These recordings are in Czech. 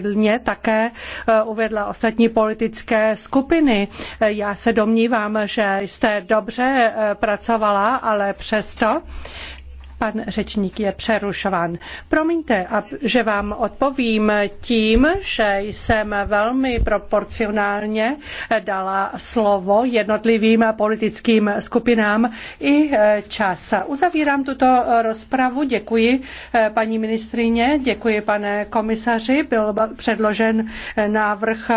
mě také eh, uvedla ostatní politické skupiny. Eh, já se domnívám, že jste dobře eh, pracovala, ale přesto Pan řečník je přerušován. Promiňte, že vám odpovím tím, že jsem velmi proporcionálně dala slovo jednotlivým politickým skupinám i čas. Uzavírám tuto rozpravu. Děkuji paní ministrině, děkuji pane komisaři. Byl předložen návrh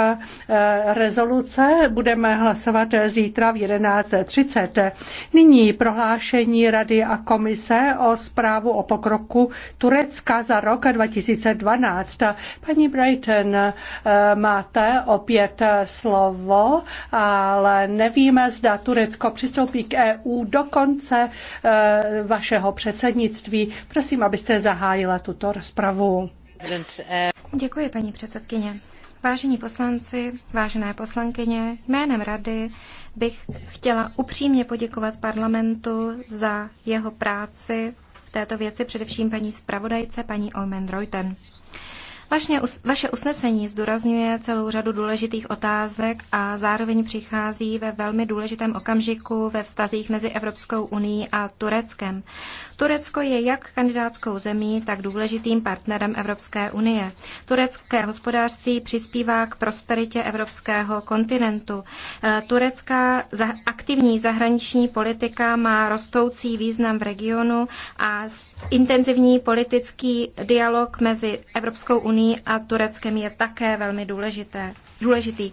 rezoluce. Budeme hlasovat zítra v 11.30. Nyní prohlášení Rady a komise o o zprávu o pokroku Turecka za rok 2012. Paní Brighton, eh, máte opět slovo, ale nevíme, zda Turecko přistoupí k EU do konce eh, vašeho předsednictví. Prosím, abyste zahájila tuto rozpravu. Děkuji, paní předsedkyně. Vážení poslanci, vážené poslankyně, jménem Rady bych chtěla upřímně poděkovat parlamentu za jeho práci v této věci, především paní zpravodajce, paní Olmen Reuten. Vaše, vaše usnesení zdůrazňuje celou řadu důležitých otázek a zároveň přichází ve velmi důležitém okamžiku ve vztazích mezi Evropskou unii a Tureckem. Turecko je jak kandidátskou zemí, tak důležitým partnerem Evropské unie. Turecké hospodářství přispívá k prosperitě evropského kontinentu. Eh, turecká aktivní zahraniční politika má rostoucí význam v regionu a intenzivní politický dialog mezi Evropskou unii a Tureckem je také velmi důležité, důležitý.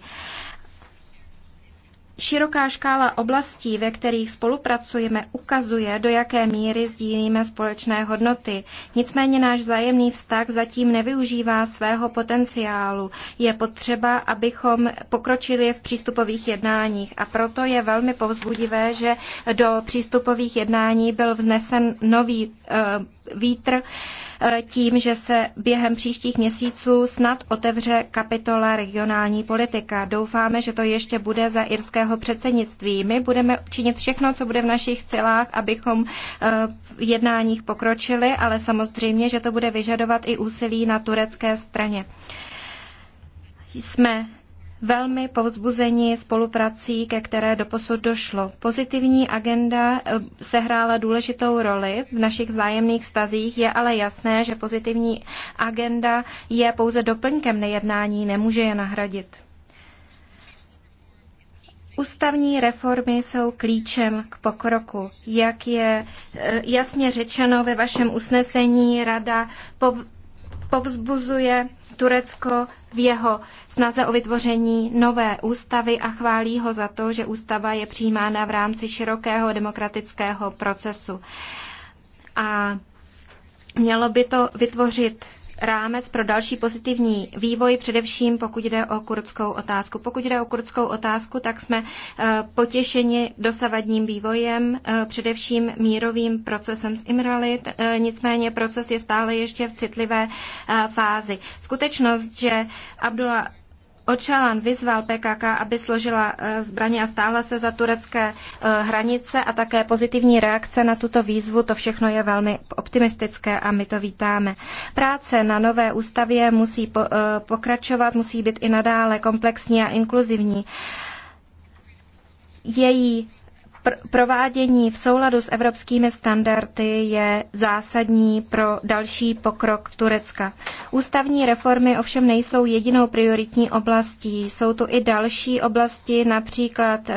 Široká škála oblastí, ve kterých spolupracujeme, ukazuje, do jaké míry sdílíme společné hodnoty. Nicméně náš vzájemný vztah zatím nevyužívá svého potenciálu. Je potřeba, abychom pokročili v přístupových jednáních a proto je velmi povzbudivé, že do přístupových jednání byl vznesen nový e, vítr. Eh, tím, že se během příštích měsíců snad otevře kapitola regionální politika. Doufáme, že to ještě bude za irského předsednictví. My budeme činit všechno, co bude v našich celách, abychom eh, v jednáních pokročili, ale samozřejmě, že to bude vyžadovat i úsilí na turecké straně. Jsme velmi povzbuzeni spoluprací, ke které doposud došlo. Pozitivní agenda eh, sehrála důležitou roli v našich vzájemných stazích, je ale jasné, že pozitivní agenda je pouze doplňkem nejednání, nemůže je nahradit. Ústavní reformy jsou klíčem k pokroku. Jak je eh, jasně řečeno ve vašem usnesení, rada povzbuzuje Turecko v jeho snaze o vytvoření nové ústavy a chválí ho za to, že ústava je přijímána v rámci širokého demokratického procesu. A mělo by to vytvořit rámec pro další pozitivní vývoj, především pokud jde o kurdskou otázku. Pokud jde o kurdskou otázku, tak jsme eh, potěšeni dosavadním vývojem, eh, především mírovým procesem z Imrali, eh, nicméně proces je stále ještě v citlivé fázi. Skutečnost, že Abdullah Očalan vyzval PKK, aby složila eh, zbraně a stáhla se za turecké eh, hranice a také pozitivní reakce na tuto výzvu, to všechno je velmi optimistické a my to vítáme. Práce na nové ústavě musí eh, pokračovat, musí být i nadále komplexní a inkluzivní. Její pr- provádění v souladu s evropskými standardy je zásadní pro další pokrok Turecka. Ústavní reformy ovšem nejsou jedinou prioritní oblastí. Jsou tu i další oblasti, například e,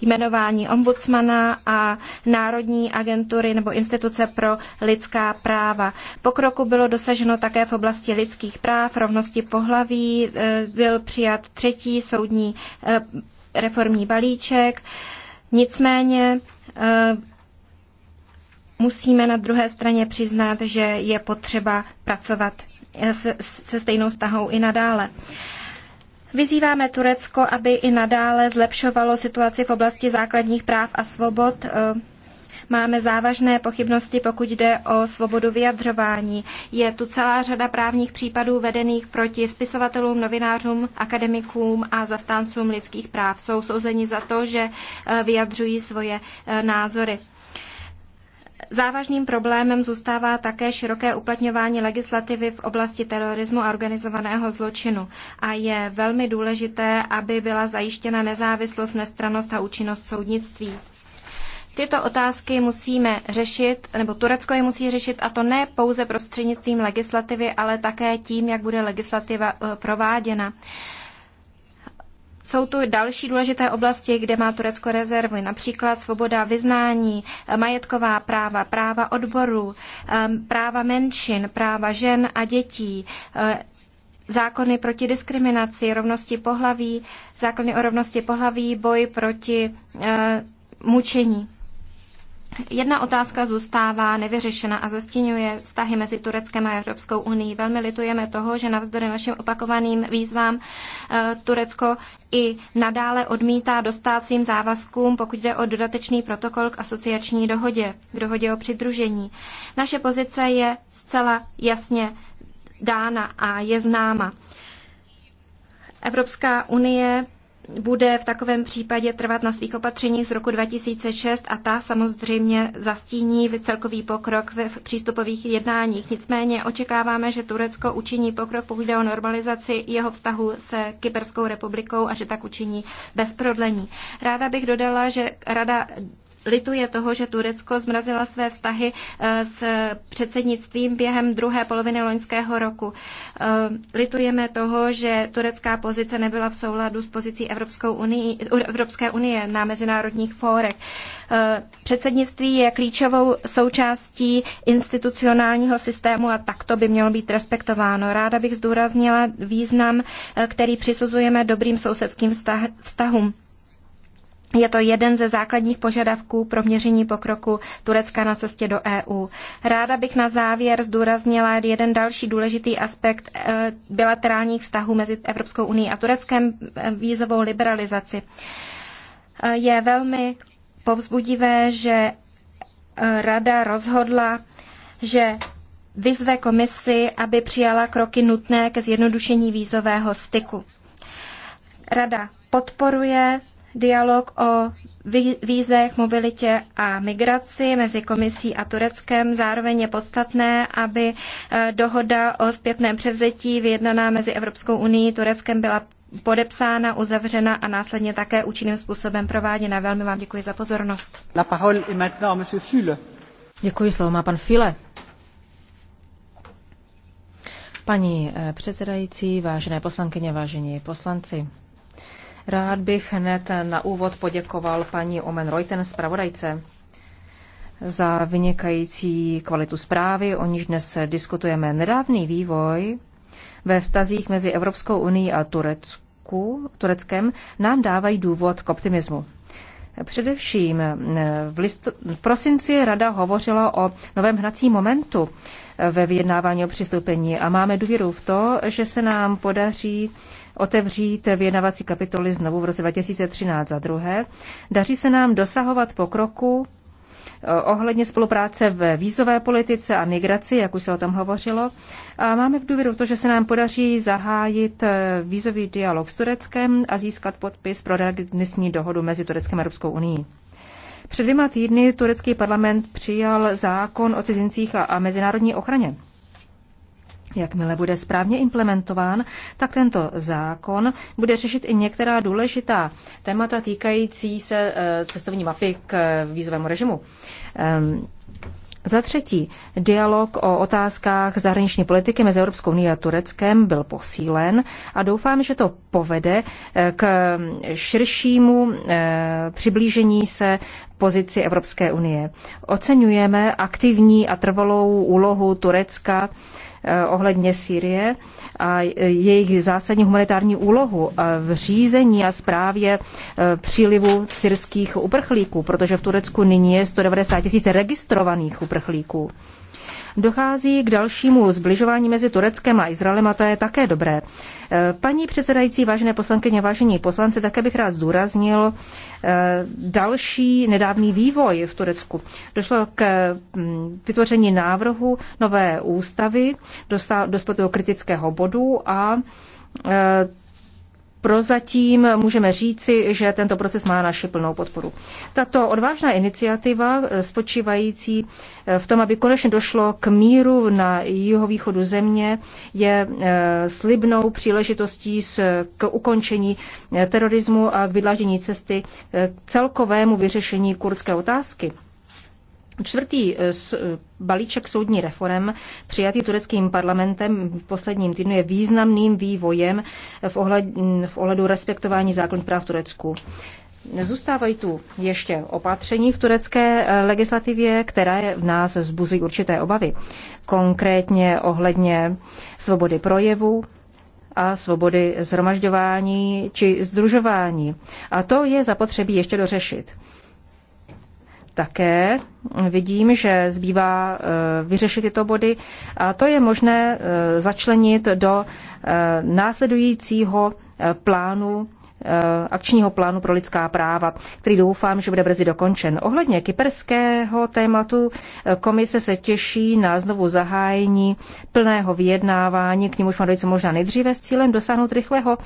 jmenování ombudsmana a Národní agentury nebo instituce pro lidská práva. Pokroku bylo dosaženo také v oblasti lidských práv, rovnosti pohlaví, e, byl přijat třetí soudní e, reformní balíček. Nicméně eh, musíme na druhé straně přiznat, že je potřeba pracovat eh, se, se stejnou stahou i nadále. Vyzýváme Turecko, aby i nadále zlepšovalo situaci v oblasti základních práv a svobod. Eh, máme závažné pochybnosti, pokud jde o svobodu vyjadřování. Je tu celá řada právních případů vedených proti spisovatelům, novinářům, akademikům a zastáncům lidských práv. Jsou souzeni za to, že eh, vyjadřují svoje eh, názory. Závažným problémem zůstává také široké uplatňování legislativy v oblasti terorismu a organizovaného zločinu a je velmi důležité, aby byla zajištěna nezávislost, nestranost a účinnost soudnictví. Tyto otázky musíme řešit, nebo Turecko je musí řešit, a to ne pouze prostřednictvím legislativy, ale také tím, jak bude legislativa eh, prováděna. Jsou tu další důležité oblasti, kde má Turecko rezervy, například svoboda vyznání, majetková práva, práva odborů, ehm, práva menšin, práva žen a dětí, eh, zákony proti diskriminaci, rovnosti pohlaví, zákony o rovnosti pohlaví, boj proti eh, mučení. Jedna otázka zůstává nevyřešena a zastínuje vztahy mezi Tureckem a Evropskou unii. Velmi litujeme toho, že navzdory našim opakovaným výzvám eh, Turecko i nadále odmítá dostát svým závazkům, pokud jde o dodatečný protokol k asociační dohodě, k dohodě o přidružení. Naše pozice je zcela jasně dána a je známa. Evropská unie bude v takovém případě trvat na svých opatření z roku 2006 a ta samozřejmě zastíní celkový pokrok v přístupových jednáních. Nicméně očekáváme, že Turecko učiní pokrok, pokud jde o normalizaci jeho vztahu se Kyperskou republikou a že tak učiní bez prodlení. Ráda bych dodala, že Rada lituje toho, že Turecko zmrazilo své vztahy eh, s předsednictvím během druhé poloviny loňského roku. Eh, litujeme toho, že turecká pozice nebyla v souladu s pozicí Evropskou unii, Evropské unie na mezinárodních fórech. Eh, předsednictví je klíčovou součástí institucionálního systému a takto by mělo být respektováno. Ráda bych zdůraznila význam, který přisuzujeme dobrým sousedským vztahům. Je to jeden ze základních požadavků pro měření pokroku Turecka na cestě do EU. Ráda bych na závěr zdůraznila jeden další důležitý aspekt eh, bilaterálních vztahů mezi Evropskou unii a Tureckem eh, vízovou liberalizaci. Eh, je velmi povzbudivé, že Rada rozhodla, že vyzve komisi, aby přijala kroky nutné ke zjednodušení vízového styku. Rada podporuje dialog o vízech, mobilitě a migraci mezi komisí a Tureckem. Zároveň je podstatné, aby eh, dohoda o zpětném převzetí vyjednaná mezi Evropskou unií a Tureckem byla podepsána, uzavřena a následně také účinným způsobem prováděna. Velmi vám děkuji za pozornost. La parole est maintenant à monsieur Fule. Děkuji, slovo má pan File. Paní eh, předsedající, vážené poslankyně, vážení poslanci, Rád bych hned na úvod poděkoval paní Omen Reuten, zpravodajce, za vynikající kvalitu zprávy, o níž dnes diskutujeme. Nedávný vývoj ve vztazích mezi Evropskou unii a Turecku, Tureckem nám dávají důvod k optimismu. Především eh, v, listu, v prosinci rada hovořila o novém hnacím momentu ve vyjednávání o přistoupení. A máme důvěru v to, že se nám podaří otevřít vyjednávací kapitoly znovu v roce 2013 za druhé. Daří se nám dosahovat pokroku eh, ohledně spolupráce ve vízové politice a migraci, jak už se o tom hovořilo. A máme v důvěru v to, že se nám podaří zahájit eh, vízový dialog s Tureckem a získat podpis pro readmisní dohodu mezi Tureckem a Evropskou unii. Před dvěma týdny turecký parlament přijal zákon o cizincích a, mezinárodní ochraně. Jakmile bude správně implementován, tak tento zákon bude řešit i některá důležitá témata týkající se e, cestovní mapy k e, vízovému režimu. Ehm, za třetí, dialog o otázkách zahraniční politiky mezi Evropskou unii a Tureckem byl posílen a doufám, že to povede e, k širšímu přiblížení se pozici Evropské unie. Oceňujeme aktivní a trvalou úlohu Turecka eh, ohledně Sýrie a jejich zásadní humanitární úlohu eh, v řízení a správě eh, přílivu syrských uprchlíků, protože v Turecku nyní je 190 tisíc registrovaných uprchlíků dochází k dalšímu zbližování mezi Tureckem a Izraelem a to je také dobré. E, paní předsedající, vážené poslankyně, vážení poslanci, také bych rád zdůraznil e, další nedávný vývoj v Turecku. Došlo k mm, vytvoření návrhu nové ústavy, do kritického bodu a e, Prozatím můžeme říci, že tento proces má naši plnou podporu. Tato odvážná iniciativa eh, spočívající eh, v tom, aby konečně došlo k míru na jihovýchodu země, je eh, slibnou příležitostí k ukončení terorismu a k vydláždění cesty k celkovému vyřešení kurdské otázky. Čtvrtý eh, eh, balíček soudní reform přijatý tureckým parlamentem v posledním týdnu je významným vývojem v, ohled, v ohledu respektování základních práv Turecku. Zůstávají tu ještě opatření v turecké eh, legislativě, které v nás zbuzují určité obavy. Konkrétně ohledně svobody projevu, a svobody zhromažďování či združování. A to je zapotřebí ještě dořešit také vidím, že zbývá eh, vyřešit tyto body a to je možné eh, začlenit do eh, následujícího plánu Eh, akčního plánu pro lidská práva, který doufám, že bude brzy dokončen. Ohledně kyperského tématu eh, komise se těší na znovu zahájení plného vyjednávání, k němuž má dojít co možná nejdříve s cílem dosáhnout rychlého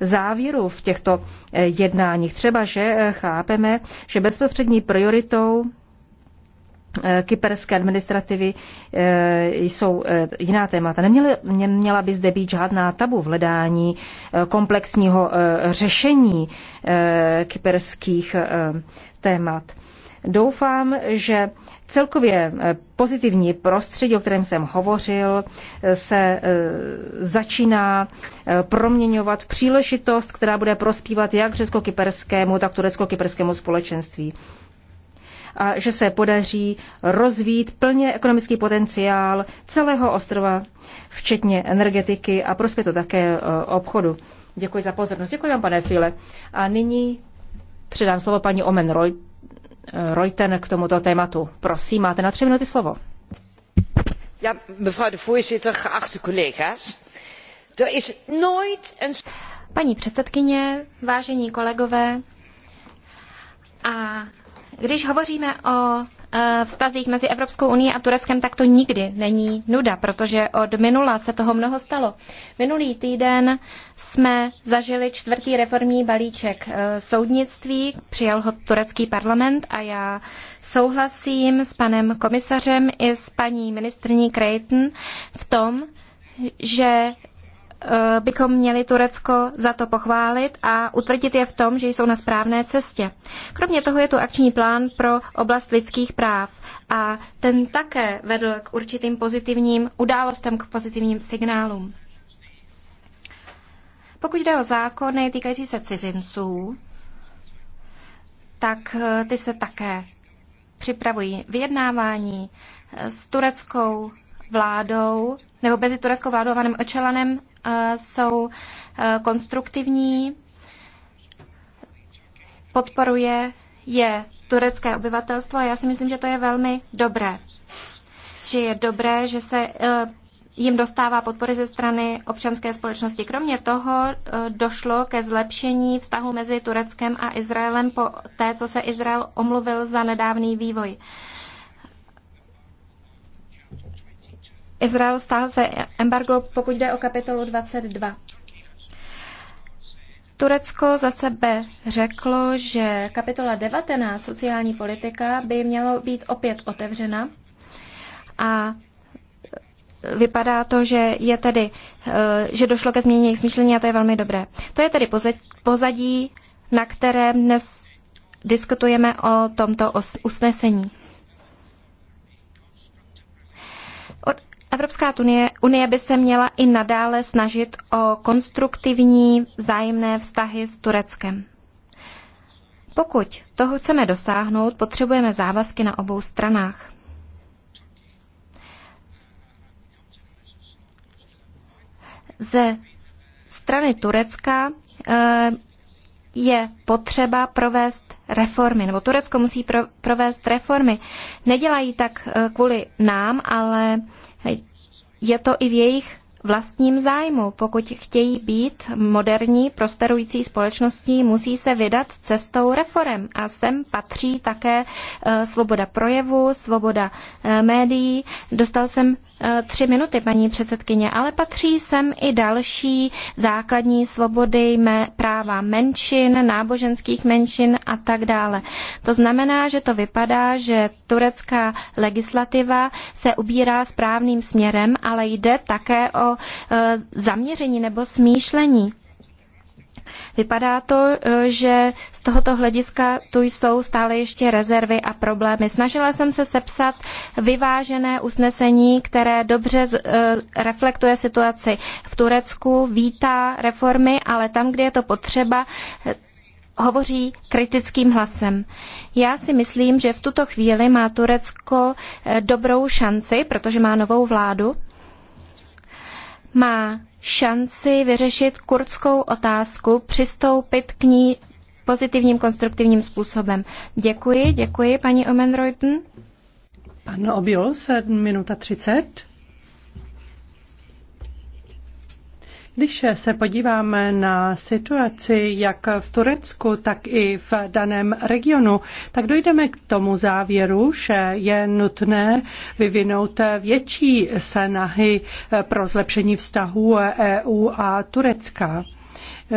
závěru v těchto eh, jednáních. Třeba, že chápeme, že bezprostřední prioritou Eh, kyperské administrativy eh, jsou eh, jiná témata. Neměla, neměla by zde být žádná tabu v hledání komplexního řešení kyperských témat. Doufám, že celkově pozitivní prostředí, o kterém jsem hovořil, se začíná proměňovat v příležitost, která bude prospívat jak řecko-kyperskému, tak turecko-kyperskému společenství a že se podaří rozvít plně ekonomický potenciál celého ostrova, včetně energetiky a prospět to také e, obchodu. Děkuji za pozornost. Děkuji vám, pane File. A nyní předám slovo paní Omen Roy, Reuten k tomuto tématu. Prosím, máte na tři minuty slovo. Ja, mevrouw de voorzitter, geachte collega's. Er is nooit een... Paní předsedkyně, vážení kolegové, a když hovoříme o e, vztazích mezi Evropskou unii a Tureckem, tak to nikdy není nuda, protože od minula se toho mnoho stalo. Minulý týden jsme zažili čtvrtý reformní balíček e, soudnictví, přijal ho turecký parlament a já souhlasím s panem komisařem i s paní ministrní Creighton v tom, že Eh, bychom měli Turecko za to pochválit a utvrdit je v tom, že jsou na správné cestě. Kromě toho je tu akční plán pro oblast lidských práv a ten také vedl k určitým pozitivním událostem, k pozitivním signálům. Pokud jde o zákony týkající se cizinců, tak eh, ty se také připravují vyjednávání eh, s tureckou vládou, nebo mezi tureckou vládou a panem Očelanem eh, jsou eh, konstruktivní, podporuje je turecké obyvatelstvo a já si myslím, že to je velmi dobré. Že je dobré, že se eh, jim dostává podpory ze strany občanské společnosti. Kromě toho došlo ke zlepšení vztahu mezi Tureckem a Izraelem po té, co se Izrael omluvil za nedávný vývoj. Izrael stáhl své embargo, pokud jde o kapitolu 22. Turecko za sebe řeklo, že kapitola 19 sociální politika by měla být opět otevřena a vypadá to, že je tedy, eh, že došlo ke změně jejich smýšlení a to je velmi dobré. To je tedy pozadí, na kterém dnes diskutujeme o tomto usnesení. Evropská unie, unie by se měla i nadále snažit o konstruktivní vzájemné vztahy s Tureckem. Pokud toho chceme dosáhnout, potřebujeme závazky na obou stranách. Ze strany Turecka eh, je potřeba provést reformy, nebo Turecko musí pro, provést reformy. Nedělají tak eh, kvůli nám, ale eh, je to i v jejich vlastním zájmu. Pokud chtějí být moderní, prosperující společností, musí se vydat cestou reform. A sem patří také eh, svoboda projevu, svoboda médií. Dostal jsem Eh, tři minuty, paní předsedkyně, ale patří sem i další základní svobody, práva menšin, náboženských menšin a tak dále. To znamená, že to vypadá, že turecká legislativa se ubírá správným směrem, ale jde také o eh, zaměření nebo smýšlení Vypadá to, e, že z tohoto hlediska tu jsou stále ještě rezervy a problémy. Snažila jsem se sepsat vyvážené usnesení, které dobře e, reflektuje situaci v Turecku, vítá reformy, ale tam, kde je to potřeba, e, hovoří kritickým hlasem. Já si myslím, že v tuto chvíli má Turecko dobrou šanci, protože má novou vládu, má šanci vyřešit kurdskou otázku, přistoupit k ní pozitivním, konstruktivním způsobem. Děkuji, děkuji, paní Omenreuten. Ano, Obiol, 7 minuta 30. Když se podíváme na situaci jak v Turecku, tak i v daném regionu, tak dojdeme k tomu závěru, že je nutné vyvinout větší snahy pro zlepšení vztahů EU a Turecka.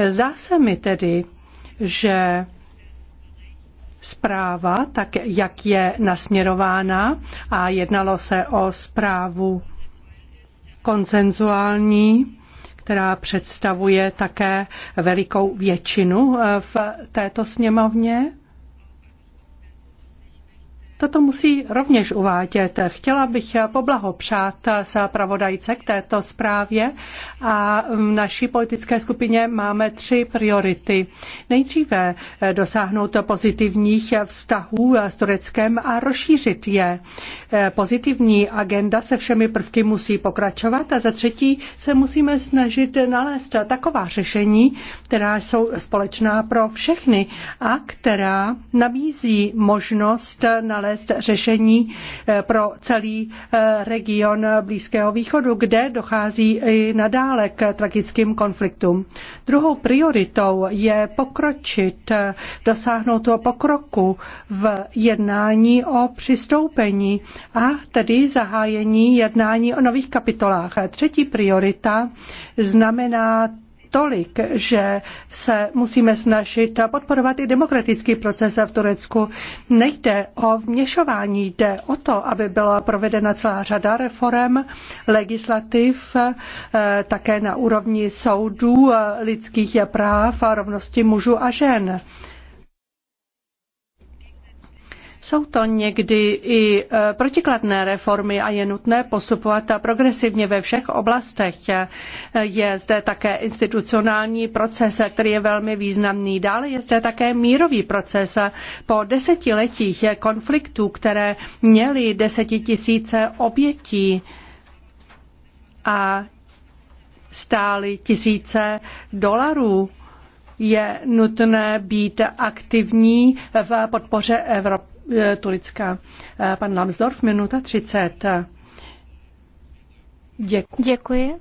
Zdá se mi tedy, že zpráva, tak jak je nasměrována, a jednalo se o zprávu koncenzuální, která představuje také velikou většinu eh, v této sněmovně. Toto musí rovněž uvádět. Chtěla bych poblahopřát se pravodajce k této zprávě a v naší politické skupině máme tři priority. Nejdříve dosáhnout pozitivních vztahů s Tureckem a rozšířit je. Pozitivní agenda se všemi prvky musí pokračovat a za třetí se musíme snažit nalézt taková řešení, která jsou společná pro všechny a která nabízí možnost nalézt nalézt řešení eh, pro celý eh, region Blízkého východu, kde dochází i nadále k tragickým konfliktům. Druhou prioritou je pokročit, eh, dosáhnout toho pokroku v jednání o přistoupení a tedy zahájení jednání o nových kapitolách. Třetí priorita znamená tolik, že se musíme snažit podporovat i demokratický proces v Turecku. Nejde o vměšování, jde o to, aby byla provedena celá řada reform, legislativ, eh, také na úrovni soudů, eh, lidských práv a rovnosti mužů a žen. Jsou to někdy i e, protikladné reformy a je nutné postupovat progresivně ve všech oblastech. E, je zde také institucionální proces, e, který je velmi významný. Dále je zde také mírový proces. Po desetiletích konfliktů, které měly desetitisíce obětí a stály tisíce dolarů, je nutné být aktivní v podpoře Evropy Eh, to lidská. Eh, pan Lambsdorff, minuta 30. Děkuji. Děkuji.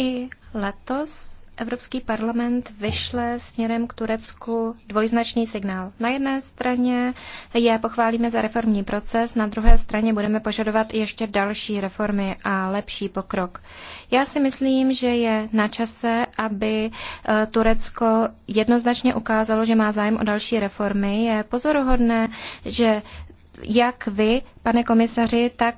I letos Evropský parlament vyšle směrem k Turecku dvojznačný signál. Na jedné straně je pochválíme za reformní proces, na druhé straně budeme požadovat ještě další reformy a lepší pokrok. Já si myslím, že je na čase, aby e, Turecko jednoznačně ukázalo, že má zájem o další reformy. Je pozoruhodné, že jak vy, pane komisaři, tak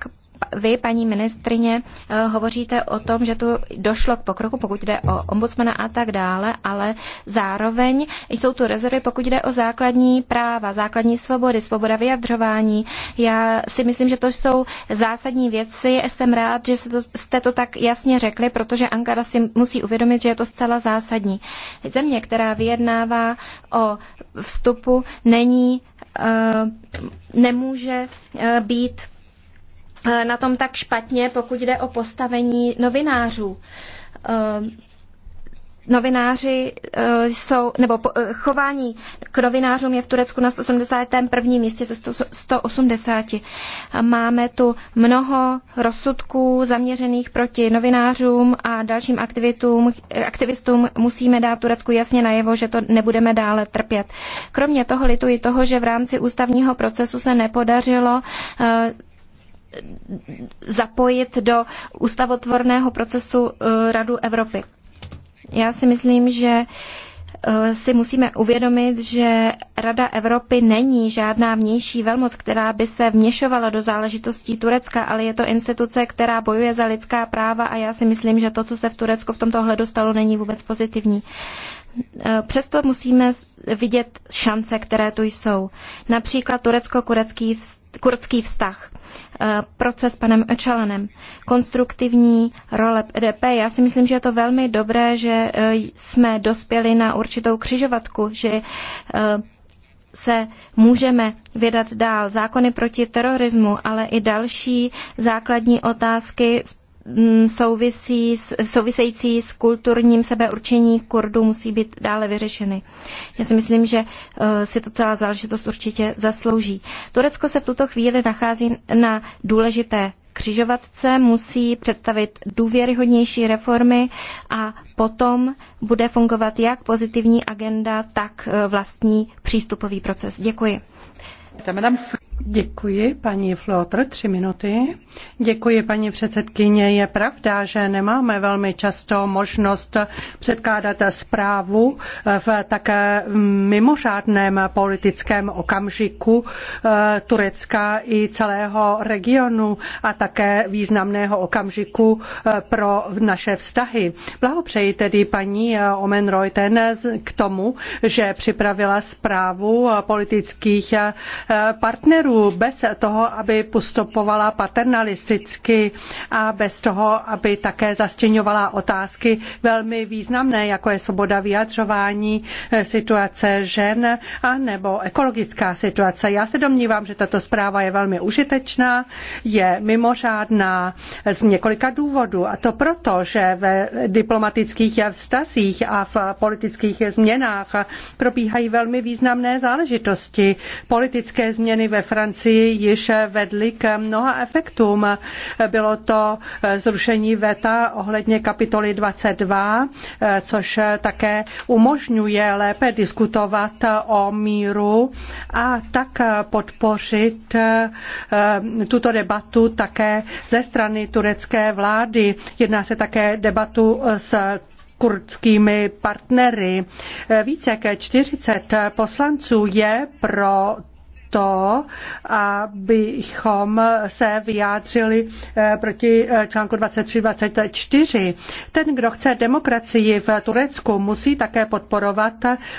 vy, paní ministrině, eh, hovoříte o tom, že tu došlo k pokroku, pokud jde o ombudsmana a tak dále, ale zároveň jsou tu rezervy, pokud jde o základní práva, základní svobody, svoboda vyjadřování. Já si myslím, že to jsou zásadní věci. Jsem rád, že jste to tak jasně řekli, protože Ankara si musí uvědomit, že je to zcela zásadní. Země, která vyjednává o vstupu, není eh, nemůže eh, být Eh, na tom tak špatně, pokud jde o postavení novinářů. Ehm, novináři eh, jsou, nebo eh, chování k novinářům je v Turecku na 181. místě ze 180. Máme tu mnoho rozsudků zaměřených proti novinářům a dalším aktivitům, aktivistům. Musíme dát Turecku jasně najevo, že to nebudeme dále trpět. Kromě toho lituji toho, že v rámci ústavního procesu se nepodařilo zapojit do ústavotvorného procesu eh, Radu Evropy. Já si myslím, že eh, si musíme uvědomit, že Rada Evropy není žádná vnější velmoc, která by se vměšovala do záležitostí Turecka, ale je to instituce, která bojuje za lidská práva a já si myslím, že to, co se v Turecku v tomto ohledu stalo, není vůbec pozitivní. Eh, přesto musíme vidět šance, které tu jsou. Například turecko kurdský vztah. Eh, proces panem Čelenem. Konstruktivní role DP. Já si myslím, že je to velmi dobré, že eh, jsme dospěli na určitou křižovatku, že eh, se můžeme vydat dál. Zákony proti terorismu, ale i další základní otázky Mm, souvisí s, související s kulturním sebeurčení Kurdů musí být dále vyřešeny. Já si myslím, že eh, si to celá záležitost určitě zaslouží. Turecko se v tuto chvíli nachází na důležité křižovatce, musí představit důvěryhodnější reformy a potom bude fungovat jak pozitivní agenda, tak eh, vlastní přístupový proces. Děkuji. Děkuji, paní Flotr, tři minuty. Děkuji, paní předsedkyně. Je pravda, že nemáme velmi často možnost předkládat zprávu v také mimořádném politickém okamžiku eh, Turecka i celého regionu a také významného okamžiku eh, pro naše vztahy. Blahopřeji tedy paní eh, Omen Reuten k tomu, že připravila zprávu politických partnerů cílů bez toho, aby postupovala paternalisticky a bez toho, aby také zastěňovala otázky velmi významné, jako je svoboda vyjadřování, eh, situace žen a nebo ekologická situace. Já se domnívám, že tato zpráva je velmi užitečná, je mimořádná z několika důvodů. A to proto, že ve diplomatických vztazích a v politických změnách probíhají velmi významné záležitosti. Politické změny ve Francii Francii již vedly k mnoha efektům. Bylo to zrušení VETA ohledně kapitoly 22, což také umožňuje lépe diskutovat o míru a tak podpořit eh, tuto debatu také ze strany turecké vlády. Jedná se také debatu s kurdskými partnery. Více jak 40 poslanců je pro to, abychom se vyjádřili eh, proti eh, článku 23-24. Ten, kdo chce demokracii v Turecku, musí také podporovat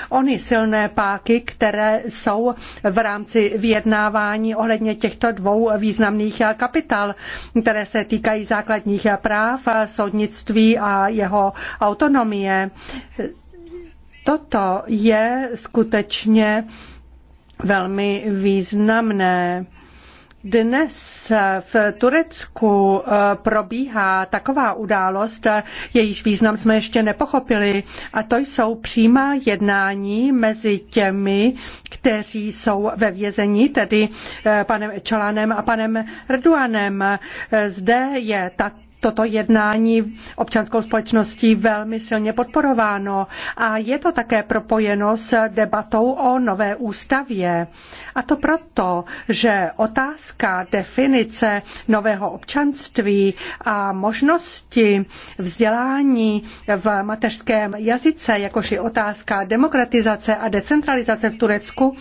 ony silné páky, které jsou v rámci vyjednávání ohledně těchto dvou významných kapital, které se týkají základních práv, soudnictví a jeho autonomie. Toto je skutečně velmi významné. Dnes v Turecku eh, probíhá taková událost, jejíž význam jsme ještě nepochopili, a to jsou přímá jednání mezi těmi, kteří jsou ve vězení, tedy eh, panem Čalánem a panem Erdoganem. Eh, zde je tak toto jednání občanskou společností velmi silně podporováno a je to také propojeno s debatou o nové ústavě. A to proto, že otázka definice nového občanství a možnosti vzdělání v mateřském jazyce, jakož i otázka demokratizace a decentralizace v Turecku,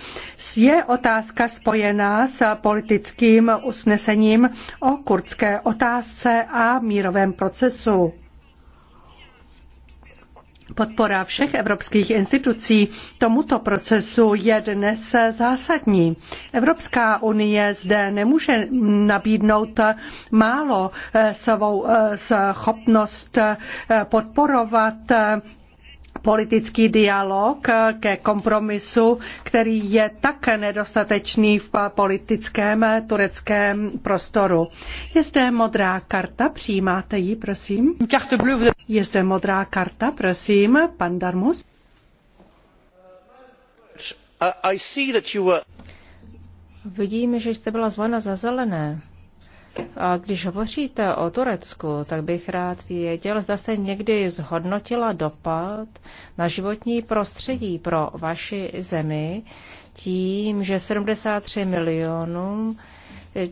je otázka spojená s politickým usnesením o kurdské otázce a mírovém procesu. Podpora všech evropských institucí tomuto procesu je dnes zásadní. Evropská unie zde nemůže nabídnout málo eh, svou eh, schopnost eh, podporovat politický dialog eh, ke kompromisu, který je tak nedostatečný v eh, politickém eh, tureckém prostoru. Je zde modrá karta, přijímáte ji, prosím? Je zde modrá karta, prosím, pan Darmus? Vidím, že jste byla zvolena za zelené. A když hovoříte o Turecku, tak bych rád věděl, zda se někdy zhodnotila dopad na životní prostředí pro vaši zemi tím, že 73 milionům eh,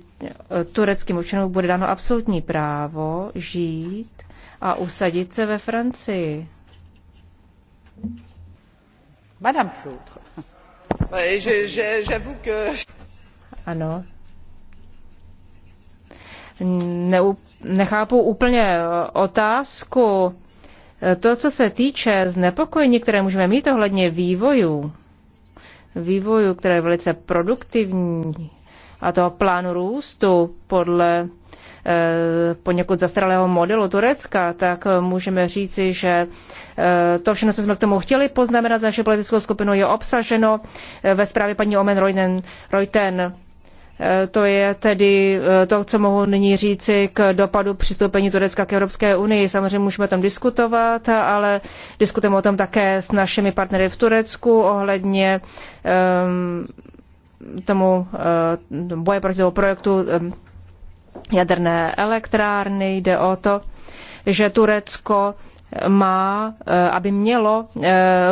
tureckým občanům bude dáno absolutní právo žít a usadit se ve Francii. Madame Floutre. Ano, neu, nechápu úplně e, otázku. E, to, co se týče znepokojení, které můžeme mít ohledně vývoju, vývoju, které je velice produktivní, a toho plánu růstu podle e, poněkud zastaralého modelu Turecka, tak můžeme říci, že to všechno, co jsme k tomu chtěli poznamenat za naši politickou skupinu, je obsaženo ve zprávě paní Omen Reuten Eh, to je tedy eh, to, co mohu nyní říci k dopadu přistoupení Turecka k Evropské unii. Samozřejmě můžeme o tom diskutovat, ale diskutujeme o tom také s našimi partnery v Turecku ohledně um, tomu uh, boje proti tomu projektu um, jaderné elektrárny. Jde o to, že Turecko má, aby mělo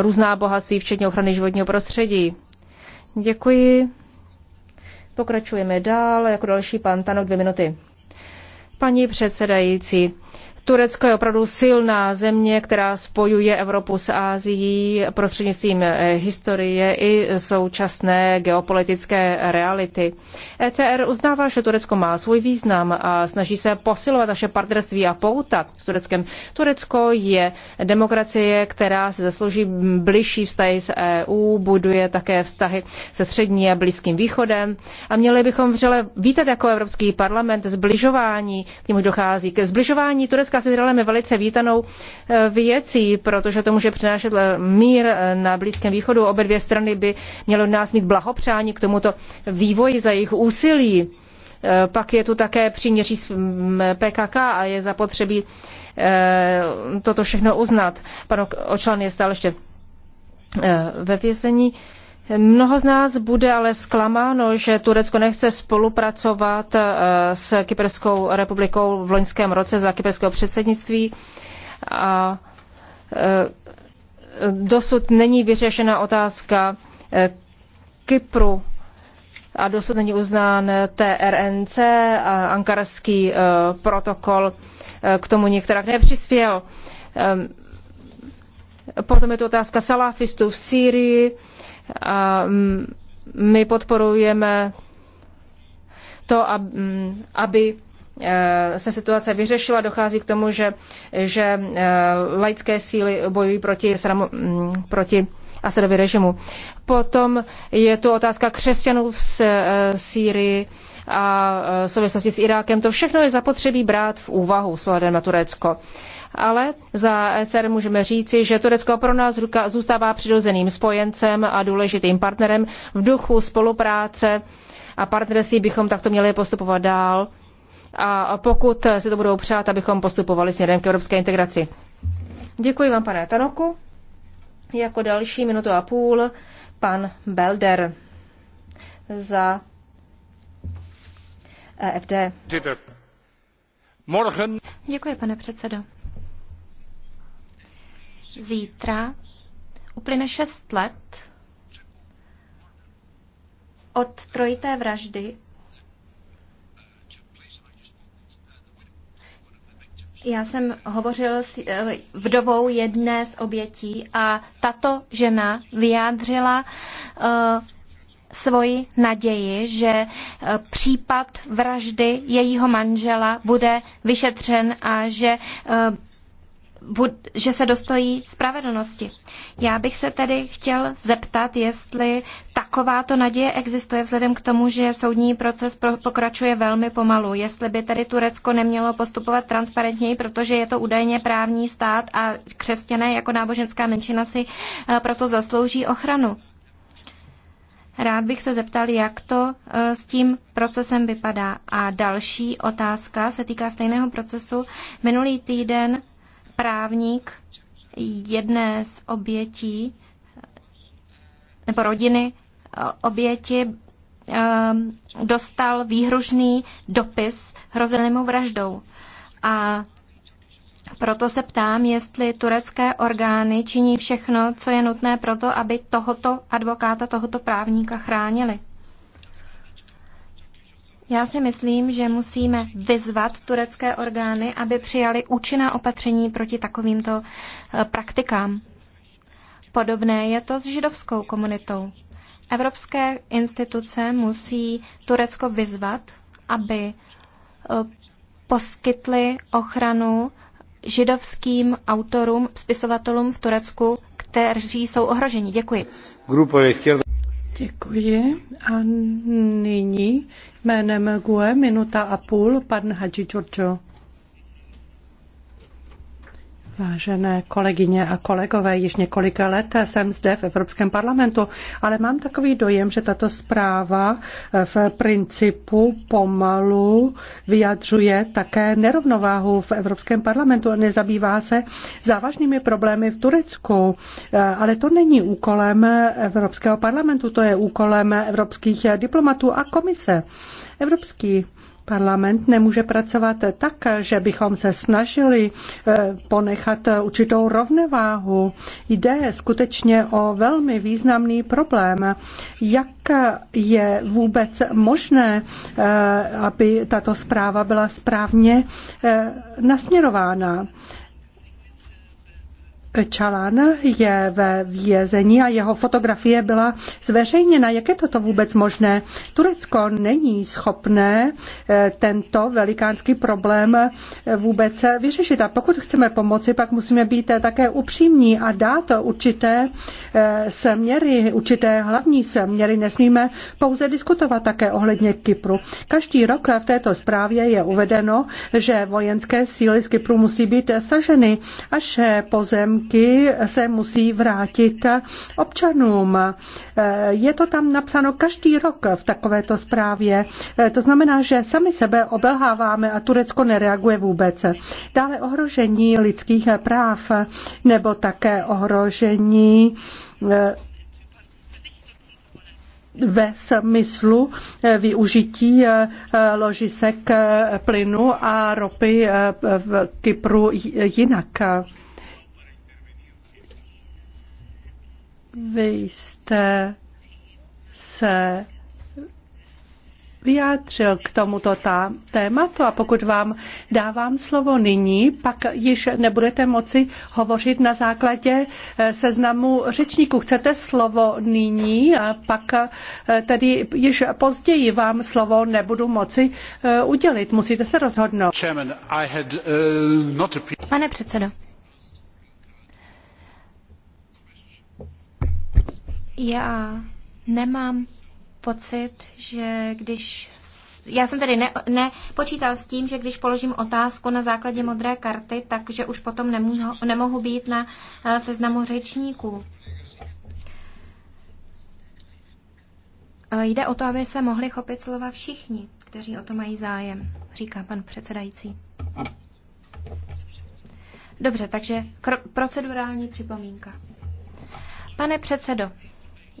různá bohatství, včetně ochrany životního prostředí. Děkuji. Pokračujeme dál, jako další pan Tanok, dvě minuty. Paní předsedající, Turecko je opravdu silná země, která spojuje Evropu s Ázií prostřednictvím eh, historie i současné geopolitické reality. ECR uznává, že Turecko má svůj význam a snaží se posilovat naše partnerství a pouta s Tureckem. Turecko je demokracie, která se zaslouží bližší vztahy s EU, buduje také vztahy se střední a blízkým východem a měli bychom vřele vítat jako Evropský parlament zbližování, k němuž dochází, ke zbližování Turecka s Izraelem je velice vítanou eh, věcí, protože to může přinášet eh, mír eh, na Blízkém východu. Obě dvě strany by měly od nás mít blahopřání k tomuto vývoji za jejich úsilí. Pak je tu také příměří s mm, PKK a je zapotřebí toto všechno uznat. Pan Očlan je stále ještě ve vězení. Mnoho z nás bude ale zklamáno, že Turecko nechce spolupracovat eh, s Kyperskou republikou v loňském roce za kyperského předsednictví a eh, dosud není vyřešena otázka eh, Kypru a dosud není uznán TRNC a ankarský protokol k tomu některak nepřispěl. Ehm, potom je tu otázka salafistů v Sýrii a mm, my podporujeme to, mm, aby e, se situace vyřešila, dochází k tomu, že, že e, laické síly bojují proti, mm, proti Asadovi režimu. Potom je tu otázka křesťanů v eh, Sýrii a eh, v souvislosti s Irákem. To všechno je zapotřebí brát v úvahu s ohledem na Turecko. Ale za ECR můžeme říci, že Turecko pro nás zůstává přirozeným spojencem a důležitým partnerem v duchu spolupráce a partnerství bychom takto měli postupovat dál a pokud si to budou přát, abychom postupovali směrem k evropské integraci. Děkuji vám, pane Tanoku. Jako další minutu a půl pan Belder za EFD. Morgen. Děkuji, pane předsedo. Zítra uplyne šest let od trojité vraždy Já jsem hovořil s eh, vdovou jedné z obětí a tato žena vyjádřila eh, svoji naději, že eh, případ vraždy jejího manžela bude vyšetřen a že, že se dostojí spravedlnosti. Já bych se tedy chtěl zeptat, jestli takováto naděje existuje vzhledem k tomu, že soudní proces pokračuje velmi pomalu. Jestli by tedy Turecko nemělo postupovat transparentněji, protože je to údajně právní stát a křesťané jako náboženská menšina si eh, proto zaslouží ochranu. Rád bych se zeptal, jak to eh, s tím procesem vypadá. A další otázka se týká stejného procesu. Minulý týden právník jedné z obětí eh, nebo rodiny oběti ehm, dostal výhružný dopis hrozenému vraždou. A proto se ptám, jestli turecké orgány činí všechno, co je nutné pro to, aby tohoto advokáta, tohoto právníka chránili. Já si myslím, že musíme vyzvat turecké orgány, aby přijali účinná opatření proti takovýmto eh, praktikám. Podobné je to s židovskou komunitou. Evropské instituce musí Turecko vyzvat, aby eh, poskytly ochranu židovským autorům, spisovatelům v Turecku, kteří jsou ohroženi. Děkuji. Děkuji. A nyní jménem GUE minuta a půl pan Hadži Čurčo. Vážené kolegyně a kolegové, již několika let jsem zde v Evropském parlamentu, ale mám takový dojem, že tato zpráva v principu pomalu vyjadřuje také nerovnováhu v Evropském parlamentu a nezabývá se závažnými problémy v Turecku. Ale to není úkolem Evropského parlamentu, to je úkolem evropských diplomatů a komise. Evropský Parlament nemůže pracovat tak, že bychom se snažili eh, ponechat určitou rovnováhu. Jde skutečně o velmi významný problém. Jak je vůbec možné, eh, aby tato zpráva byla správně eh, nasměrována? Čalan je ve vězení a jeho fotografie byla zveřejněna. Jak je toto vůbec možné? Turecko není schopné eh, tento velikánský problém eh, vůbec eh, vyřešit. A pokud chceme pomoci, pak musíme být také upřímní a dát určité směry, určité hlavní směry. Nesmíme pouze diskutovat také ohledně Kypru. Každý rok v této zprávě je uvedeno, že vojenské síly z Kypru musí být staženy, až pozem pozemky se musí vrátit občanům. Je to tam napsáno každý rok v takovéto zprávě. To znamená, že sami sebe obelháváme a Turecko nereaguje vůbec. Dále ohrožení lidských práv nebo také ohrožení eh, ve smyslu eh, využití eh, ložisek plynu a ropy v Kypru jinak. Vy jste se vyjádřil k tomuto tématu a pokud vám dávám slovo nyní, pak již nebudete moci hovořit na základě eh, seznamu řečníků. Chcete slovo nyní a pak eh, tedy již později vám slovo nebudu moci eh, udělit. Musíte se rozhodnout. Pane předsedo, Já nemám pocit, že když já jsem tedy nepočítal ne, s tím, že když položím otázku na základě modré karty, takže už potom nemůžu, nemohu být na eh, seznamu řečníků. Eh, jde o to, aby se mohli chopit slova všichni, kteří o to mají zájem, říká pan předsedající. Dobře, takže procedurální připomínka. Pane předsedo,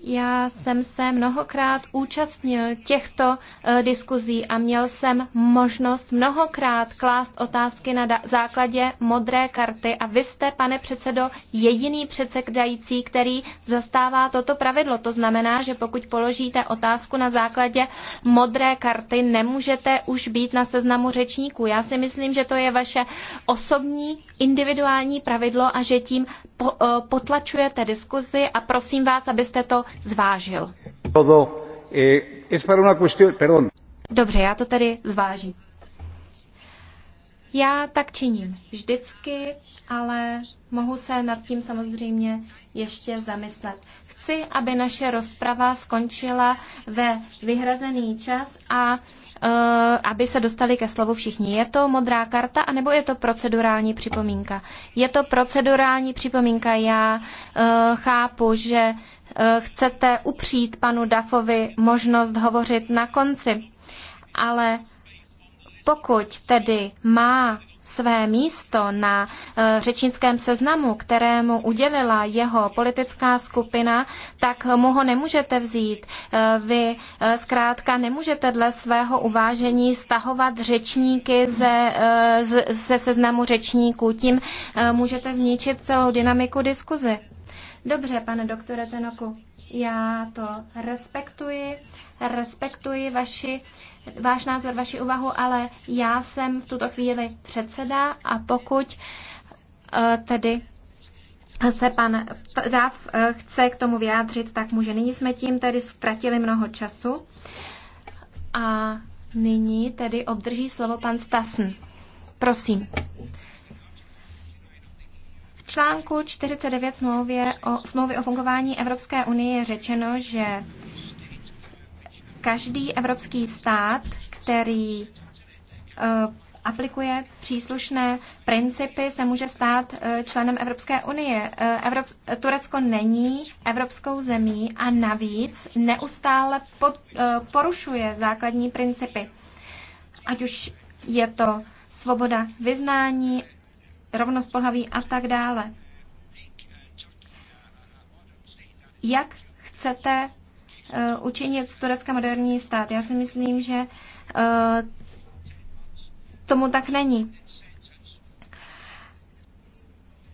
já jsem se mnohokrát účastnil těchto uh, diskuzí a měl jsem možnost mnohokrát klást otázky na základě modré karty a vy jste, pane předsedo, jediný předsedající, který zastává toto pravidlo. To znamená, že pokud položíte otázku na základě modré karty, nemůžete už být na seznamu řečníků. Já si myslím, že to je vaše osobní individuální pravidlo a že tím po, uh, potlačujete diskuzi a prosím vás, abyste to zvážil. Eh, Dobře, já to tedy zvážím. Já tak činím vždycky, ale mohu se nad tím samozřejmě ještě zamyslet. Chci, aby naše rozprava skončila ve vyhrazený čas a uh, aby se dostali ke slovu všichni. Je to modrá karta, anebo je to procedurální připomínka? Je to procedurální připomínka. Já uh, chápu, že uh, chcete upřít panu Dafovi možnost hovořit na konci, ale pokud tedy má své místo na eh, řečnickém seznamu, kterému udělila jeho politická skupina, tak mu ho nemůžete vzít. Eh, vy eh, zkrátka nemůžete dle svého uvážení stahovat řečníky ze, ze seznamu řečníků. Tím můžete zničit celou dynamiku diskuze. Dobře, pane doktore Tenoku, já to respektuji, respektuji vaši, váš názor, vaši úvahu, ale já jsem v tuto chvíli předseda a pokud eh, tedy se pan Dav eh, chce k tomu vyjádřit, tak může. Nyní jsme tím tedy ztratili mnoho času a nyní tedy obdrží slovo pan Stasn. Prosím článku 49 smlouvě o, smlouvy o fungování Evropské unie je řečeno, že každý evropský stát, který uh, aplikuje příslušné principy, se může stát eh, členem Evropské unie. Eh, Evrop, Turecko není evropskou zemí a navíc neustále pod, porušuje základní principy. Ať už je to svoboda vyznání, rovnost pohlaví a tak dále. Jak chcete eh, učinit z Turecka moderní stát? Já si myslím, že eh, tomu tak není.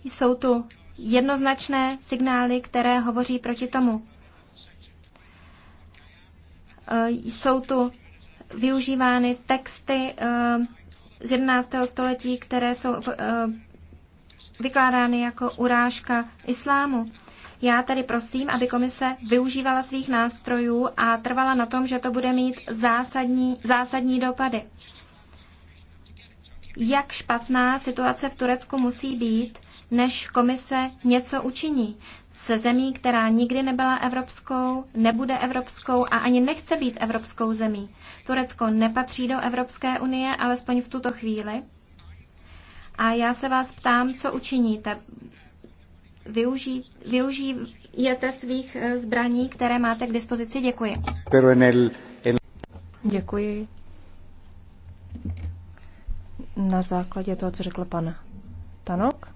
Jsou tu jednoznačné signály, které hovoří proti tomu. Eh, jsou tu využívány texty z 11. století, které jsou vykládány jako urážka islámu. Já tedy prosím, aby komise využívala svých nástrojů a trvala na tom, že to bude mít zásadní, zásadní dopady. Jak špatná situace v Turecku musí být, než komise něco učiní? Se zemí, která nikdy nebyla evropskou, nebude evropskou a ani nechce být evropskou zemí. Turecko nepatří do Evropské unie, alespoň v tuto chvíli. A já se vás ptám, co učiníte? Využij, využijete svých eh, zbraní, které máte k dispozici? Děkuji. Děkuji. Na základě toho, co řekl pan Tanok.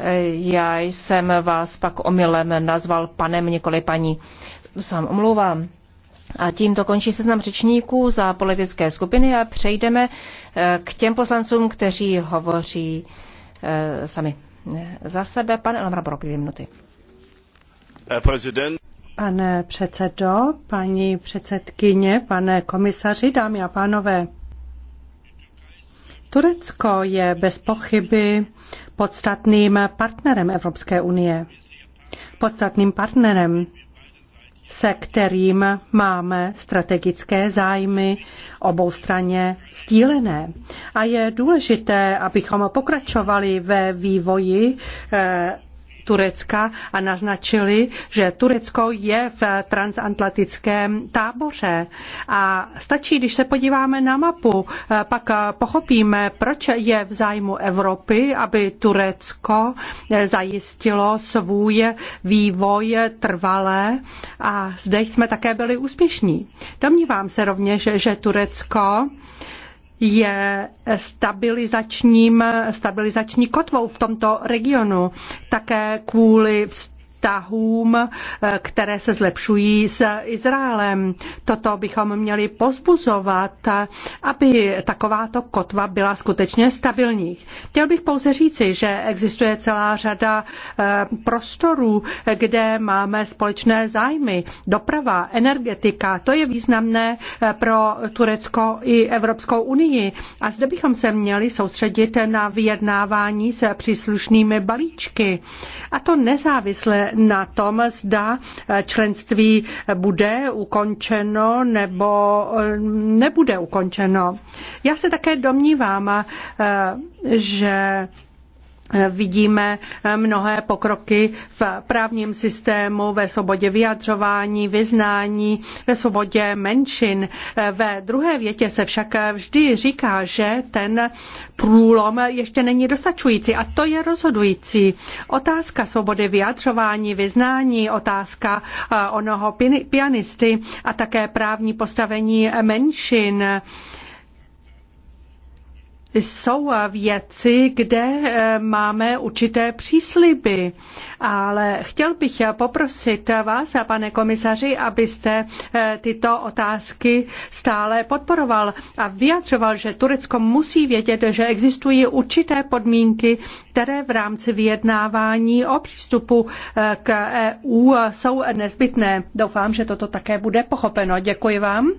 Eh, já jsem vás pak omylem nazval panem, nikoli paní. To sám omlouvám. A tímto končí seznam řečníků za politické skupiny a přejdeme eh, k těm poslancům, kteří hovoří eh, sami eh, za sebe. Pan Elmar Brok, dvě minuty. Pane předsedo, paní předsedkyně, pane komisaři, dámy a pánové. Turecko je bez pochyby podstatným partnerem Evropské unie. Podstatným partnerem se kterým máme strategické zájmy oboustranně stílené. A je důležité, abychom pokračovali ve vývoji eh, Turecka a naznačili, že Turecko je v transatlantickém táboře. A stačí, když se podíváme na mapu, eh, pak eh, pochopíme, proč je v zájmu Evropy, aby Turecko eh, zajistilo svůj vývoj trvalé a zde jsme také byli úspěšní. Domnívám se rovněž, že Turecko je stabilizačním, stabilizační kotvou v tomto regionu. Také kvůli vstupu vztahům, eh, které se zlepšují s Izraelem. Toto bychom měli pozbuzovat, aby takováto kotva byla skutečně stabilní. Chtěl bych pouze říci, že existuje celá řada eh, prostorů, kde máme společné zájmy. Doprava, energetika, to je významné eh, pro Turecko i Evropskou unii. A zde bychom se měli soustředit na vyjednávání s příslušnými balíčky. A to nezávisle na tom, zda členství bude ukončeno nebo eh, nebude ukončeno. Já se také domnívám, eh, že Eh, vidíme eh, mnohé pokroky v právním systému, ve svobodě vyjadřování, vyznání, ve svobodě menšin. Eh, ve druhé větě se však vždy říká, že ten průlom ještě není dostačující a to je rozhodující. Otázka svobody vyjadřování, vyznání, otázka onoho pianisty a také právní postavení menšin jsou věci, kde eh, máme určité přísliby, ale chtěl bych poprosit vás, pane komisaři, abyste eh, tyto otázky stále podporoval a vyjadřoval, že Turecko musí vědět, že existují určité podmínky, které v rámci vyjednávání o přístupu eh, k EU jsou nezbytné. Doufám, že toto také bude pochopeno. Děkuji vám.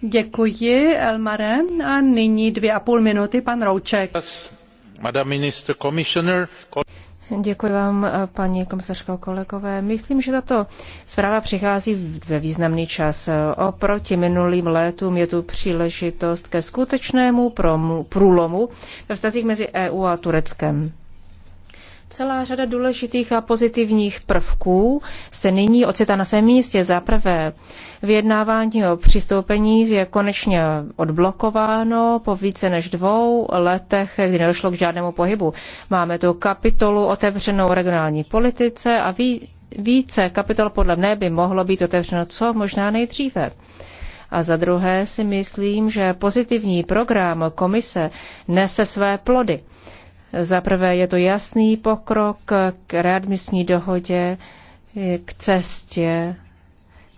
Děkuji, Elmare. A nyní dvě a půl minuty, pan Rouček. Děkuji vám, paní komisařko, kolegové. Myslím, že tato zpráva přichází ve významný čas. Oproti minulým létům je tu příležitost ke skutečnému průlomu ve vztazích mezi EU a Tureckem. Celá řada důležitých a pozitivních prvků se nyní ocitá na svém místě. Za prvé, Vyjednávání o přistoupení je konečně odblokováno po více než dvou letech, kdy nedošlo k žádnému pohybu. Máme tu kapitolu otevřenou regionální politice a ví, více kapitol podle mne by mohlo být otevřeno co možná nejdříve. A za druhé si myslím, že pozitivní program komise nese své plody. Za prvé je to jasný pokrok k readmisní dohodě, k cestě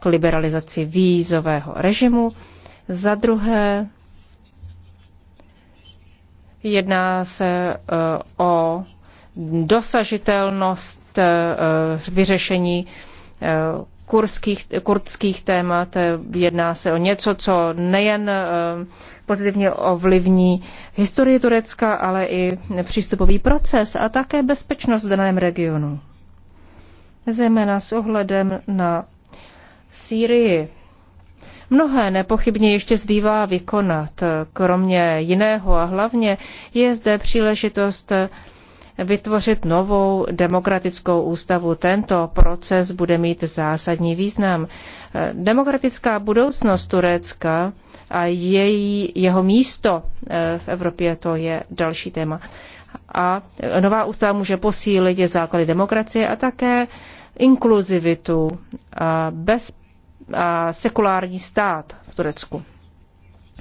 k liberalizaci vízového režimu. Za druhé, jedná se eh, o dosažitelnost eh, vyřešení eh, kurských, kurdských témat. Jedná se o něco, co nejen pozitivně ovlivní historii Turecka, ale i přístupový proces a také bezpečnost v daném regionu. Zejména s ohledem na Sýrii. Mnohé nepochybně ještě zbývá vykonat. Kromě jiného a hlavně je zde příležitost vytvořit novou demokratickou ústavu. Tento proces bude mít zásadní význam. Demokratická budoucnost Turecka a její, jeho místo eh, v Evropě, to je další téma. A nová ústava může posílit základy demokracie a také inkluzivitu a bez a sekulární stát v Turecku.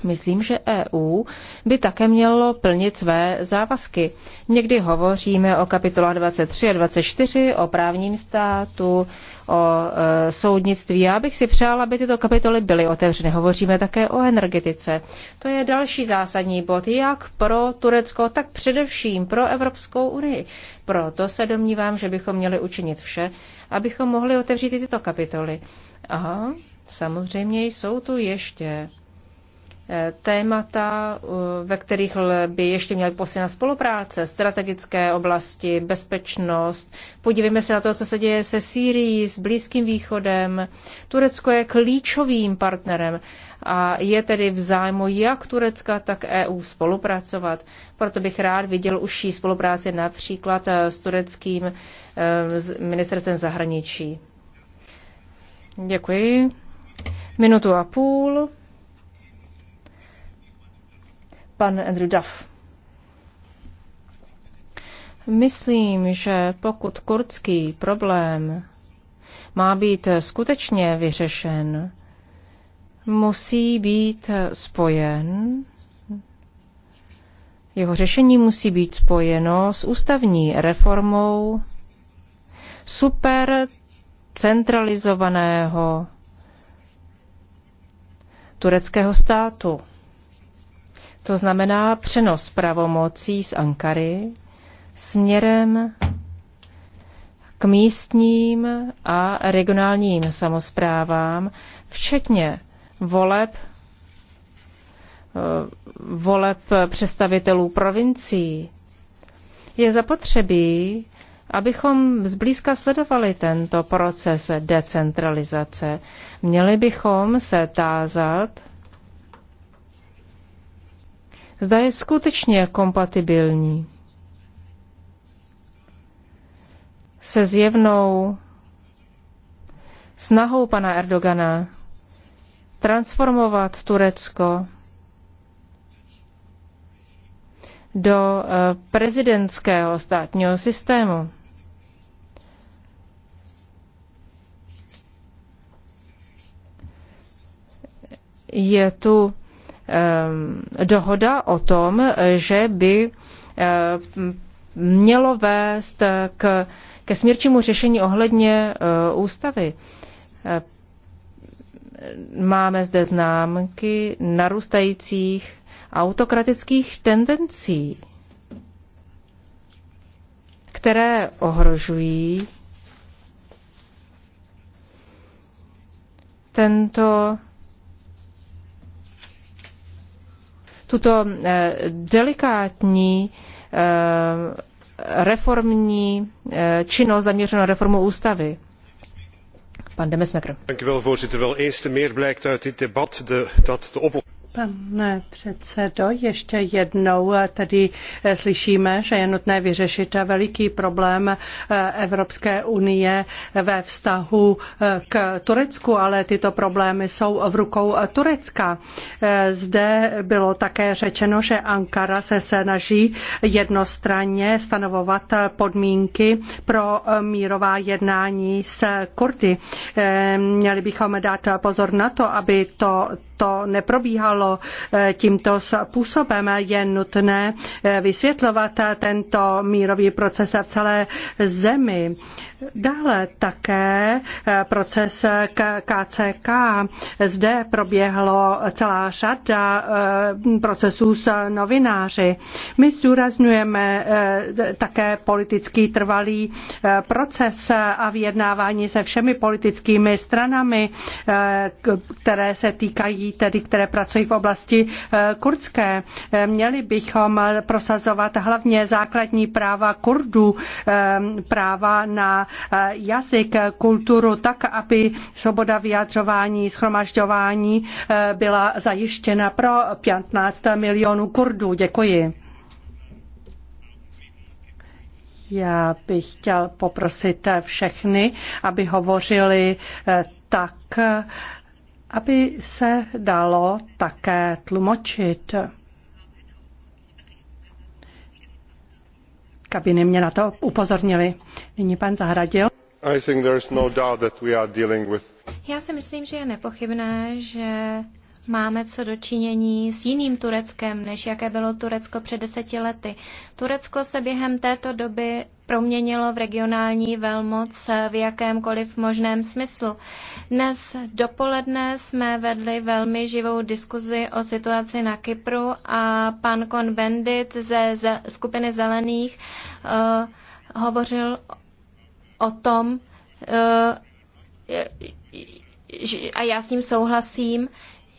Myslím, že EU by také mělo plnit své závazky. Někdy hovoříme o kapitolách 23 a 24, o právním státu, o e, soudnictví. Já bych si přála, aby tyto kapitoly byly otevřeny. Hovoříme také o energetice. To je další zásadní bod, jak pro Turecko, tak především pro Evropskou unii. Proto se domnívám, že bychom měli učinit vše, abychom mohli otevřít i tyto kapitoly. A samozřejmě jsou tu ještě eh, témata, eh, ve kterých by ještě měly posílena spolupráce, strategické oblasti, bezpečnost. Podívejme se na to, co se děje se Sýrií, s Blízkým východem. Turecko je klíčovým partnerem a je tedy v zájmu jak Turecka, tak EU spolupracovat. Proto bych rád viděl užší spolupráci například eh, s tureckým ministerstvem zahraničí. Děkuji. Minutu a půl. Pan Andrew Duff. Myslím, že pokud kurdský problém má být skutečně vyřešen, musí být spojen, jeho řešení musí být spojeno s ústavní reformou super centralizovaného tureckého státu. To znamená přenos pravomocí z Ankary směrem k místním a regionálním samozprávám, včetně voleb, eh, voleb představitelů provincií. Je zapotřebí, abychom zblízka sledovali tento proces decentralizace. Měli bychom se tázat, zda je skutečně kompatibilní se zjevnou snahou pana Erdogana transformovat Turecko do eh, prezidentského státního systému. je tu ehm, dohoda o tom, že by ehm, mělo vést k, ke smírčímu řešení ohledně eh, ústavy. Eh, máme zde známky narůstajících autokratických tendencí, které ohrožují tento tuto eh, delikátní eh, reformní eh, činnost zaměřenou na reformu ústavy. Pan Demesmekr. Dank u wel, voorzitter. Wel eens te meer blijkt uit dit debat de, dat de oplossing. Pane předsedo, ještě jednou tedy slyšíme, že je nutné vyřešit veliký problém eh, Evropské unie ve vztahu eh, k Turecku, ale tyto problémy jsou v rukou Turecka. Eh, zde bylo také řečeno, že Ankara se snaží jednostranně stanovovat podmínky pro mírová jednání s Kurdy. Měli bychom dát pozor na to, aby to to neprobíhalo eh, tímto způsobem. Je nutné eh, vysvětlovat tento mírový proces v celé zemi. Dále také eh, proces KCK. Zde proběhlo celá řada procesů s novináři. My zdůrazňujeme také politický trvalý proces a vyjednávání se všemi politickými stranami, které se týkají tedy které pracují v oblasti eh, kurdské. Eh, měli bychom prosazovat hlavně základní práva Kurdů, eh, práva na jazyk, kulturu, tak, aby svoboda vyjadřování, schromažďování byla zajištěna pro 15 milionů Kurdů. Děkuji. Já bych chtěl poprosit všechny, aby hovořili tak, aby se dalo také tlumočit. Kabiny mě na to upozornili. Nyní pan Zahradil. No with... Já si myslím, že je nepochybné, že máme co dočinění s jiným Tureckem, než jaké bylo Turecko před deseti lety. Turecko se během této doby proměnilo v regionální velmoc v jakémkoliv možném smyslu. Dnes dopoledne jsme vedli velmi živou diskuzi o situaci na Kypru a pan Kon Bendit ze, skupiny Zelených uh, hovořil o tom, uh, a já s ním souhlasím,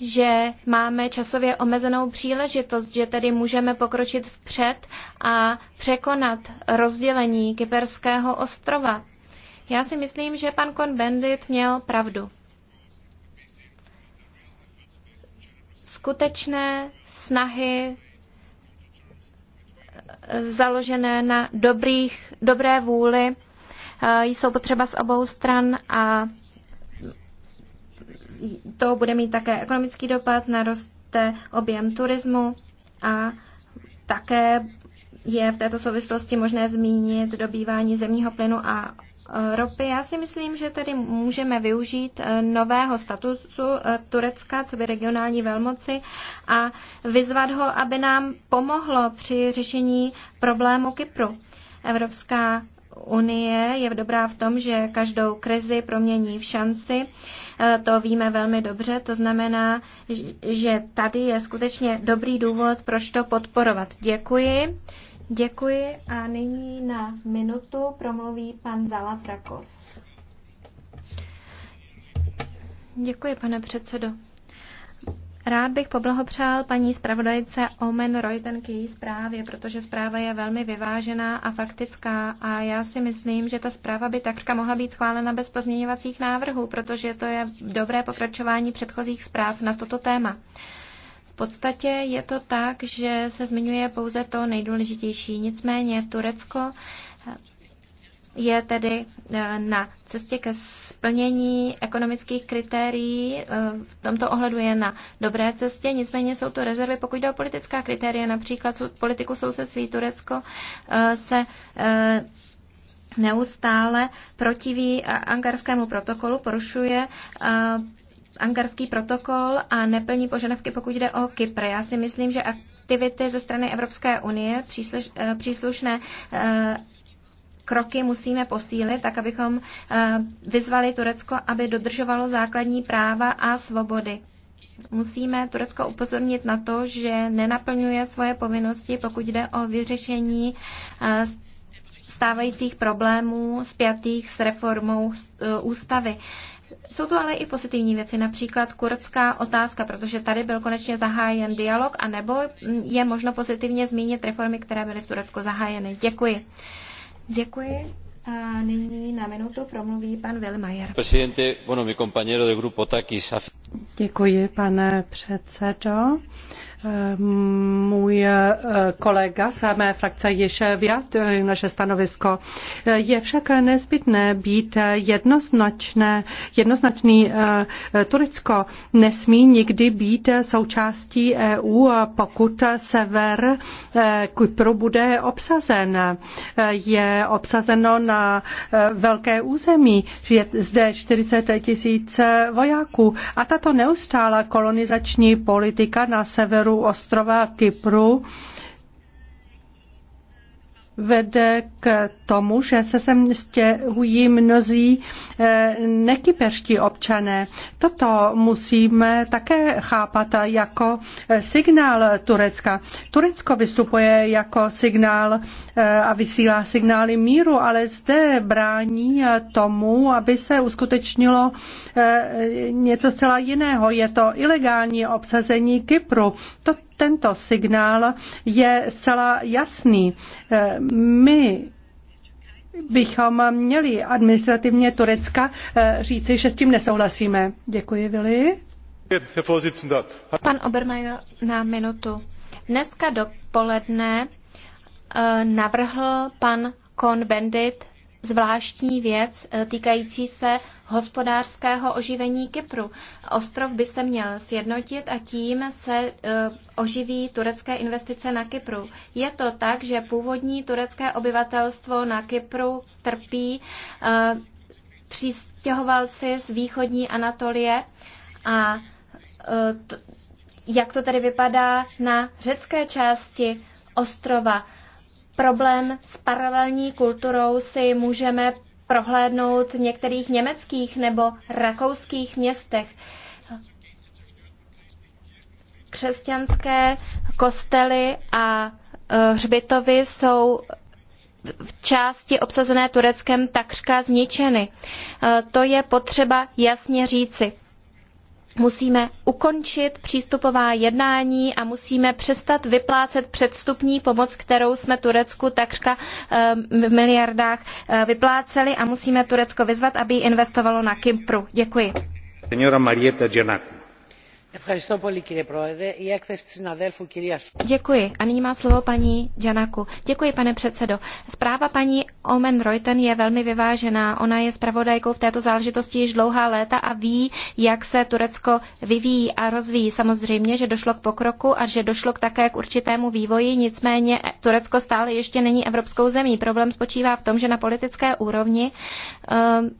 že máme časově omezenou příležitost, že tedy můžeme pokročit vpřed a překonat rozdělení Kyperského ostrova. Já si myslím, že pan Kon Bendit měl pravdu. Skutečné snahy eh, založené na dobrých, dobré vůli eh, jsou potřeba z obou stran a to bude mít také ekonomický dopad, naroste objem turismu a také je v této souvislosti možné zmínit dobývání zemního plynu a e, ropy. Já si myslím, že tady můžeme využít e, nového statusu e, Turecka, co by regionální velmoci, a vyzvat ho, aby nám pomohlo při řešení problému Kypru. Evropská unie je dobrá v tom, že každou krizi promění v šanci. E, to víme velmi dobře. To znamená, že tady je skutečně dobrý důvod, proč to podporovat. Děkuji. Děkuji a nyní na minutu promluví pan Zala Frakos. Děkuji, pane předsedo. Rád bych poblahopřál paní zpravodajce Omen Reuten k její zprávě, protože zpráva je velmi vyvážená a faktická a já si myslím, že ta zpráva by takřka mohla být schválena bez pozměňovacích návrhů, protože to je dobré pokračování předchozích zpráv na toto téma. V podstatě je to tak, že se zmiňuje pouze to nejdůležitější. Nicméně Turecko je tedy eh, na cestě ke splnění ekonomických kritérií. Eh, v tomto ohledu je na dobré cestě, nicméně jsou to rezervy. Pokud jde o politická kritéria, například politiku sousedství Turecko eh, se neustále protiví angarskému protokolu, porušuje angarský protokol a neplní požadavky, pokud jde o Kypr. Já si myslím, že aktivity ze strany Evropské unie, příslušné kroky musíme posílit, tak abychom eh, vyzvali Turecko, aby dodržovalo základní práva a svobody. Musíme Turecko upozornit na to, že nenaplňuje svoje povinnosti, pokud jde o vyřešení eh, stávajících problémů spjatých s reformou eh, ústavy. Jsou tu ale i pozitivní věci, například kurdská otázka, protože tady byl konečně zahájen dialog, anebo je možno pozitivně zmínit reformy, které byly v Turecku zahájeny. Děkuji. Děkuji. A nyní na minutu promluví pan Wilmajer. Presidente, bueno, mi compañero de grupo Takis. Děkuji, pane předsedo. Eh, můj eh, kolega z mé frakce již vyjádřil naše stanovisko. Eh, je však nezbytné být jednoznačné, jednoznačný Turecko nesmí nikdy být součástí EU, pokud sever Kypru bude obsazen. Je obsazeno na velké území, je zde 40 tisíc vojáků a tato neustálá kolonizační politika na severu severu ostrova Kypru vede k tomu, že se sem stěhují mnozí eh, nekyperští občané. Toto musíme také chápat jako eh, signál Turecka. Turecko vystupuje jako signál eh, a vysílá signály míru, ale zde brání tomu, aby se uskutečnilo něco zcela jiného. Je to ilegální obsazení Kypru. Toto tento signál je zcela jasný. Eh, my bychom měli administrativně Turecka eh, říci, že s tím nesouhlasíme. Děkuji, Vili. Pan Obermajer na minutu. Dneska dopoledne eh, navrhl pan Kohn Bendit zvláštní věc eh, týkající se hospodářského oživení Kypru. Ostrov by se měl sjednotit a tím se eh, oživí turecké investice na Kypru. Je to tak, že původní turecké obyvatelstvo na Kypru trpí eh, přistěhovalci z východní Anatolie a jak to tedy vypadá na řecké části ostrova problém s paralelní kulturou si můžeme prohlédnout v některých německých nebo rakouských městech. Křesťanské kostely a e, hřbitovy jsou v části obsazené Tureckem takřka zničeny. E, to je potřeba jasně říci. Musíme ukončit přístupová jednání a musíme přestat vyplácet předstupní pomoc, kterou jsme Turecku takřka eh, v miliardách eh, vypláceli a musíme Turecko vyzvat, aby ji investovalo na Kypru. Děkuji. Senora Marieta Děkuji. A nyní má slovo paní Janaku. Děkuji, pane předsedo. Zpráva paní Omen Reuten je velmi vyvážená. Ona je zpravodajkou v této záležitosti již dlouhá léta a ví, jak se Turecko vyvíjí a rozvíjí. Samozřejmě, že došlo k pokroku a že došlo k také k určitému vývoji, nicméně Turecko stále ještě není evropskou zemí. Problém spočívá v tom, že na politické úrovni um,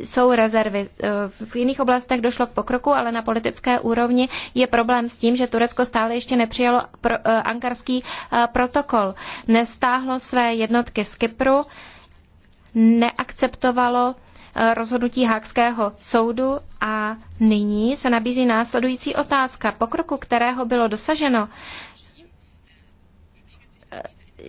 jsou rezervy. Eh, v jiných oblastech došlo k pokroku, ale na politické úrovni je problém s tím, že Turecko stále ještě nepřijalo eh, ankarský eh, protokol. Nestáhlo své jednotky z Kypru, neakceptovalo rozhodnutí Hákského soudu a nyní se nabízí následující otázka. Pokroku, kterého bylo dosaženo,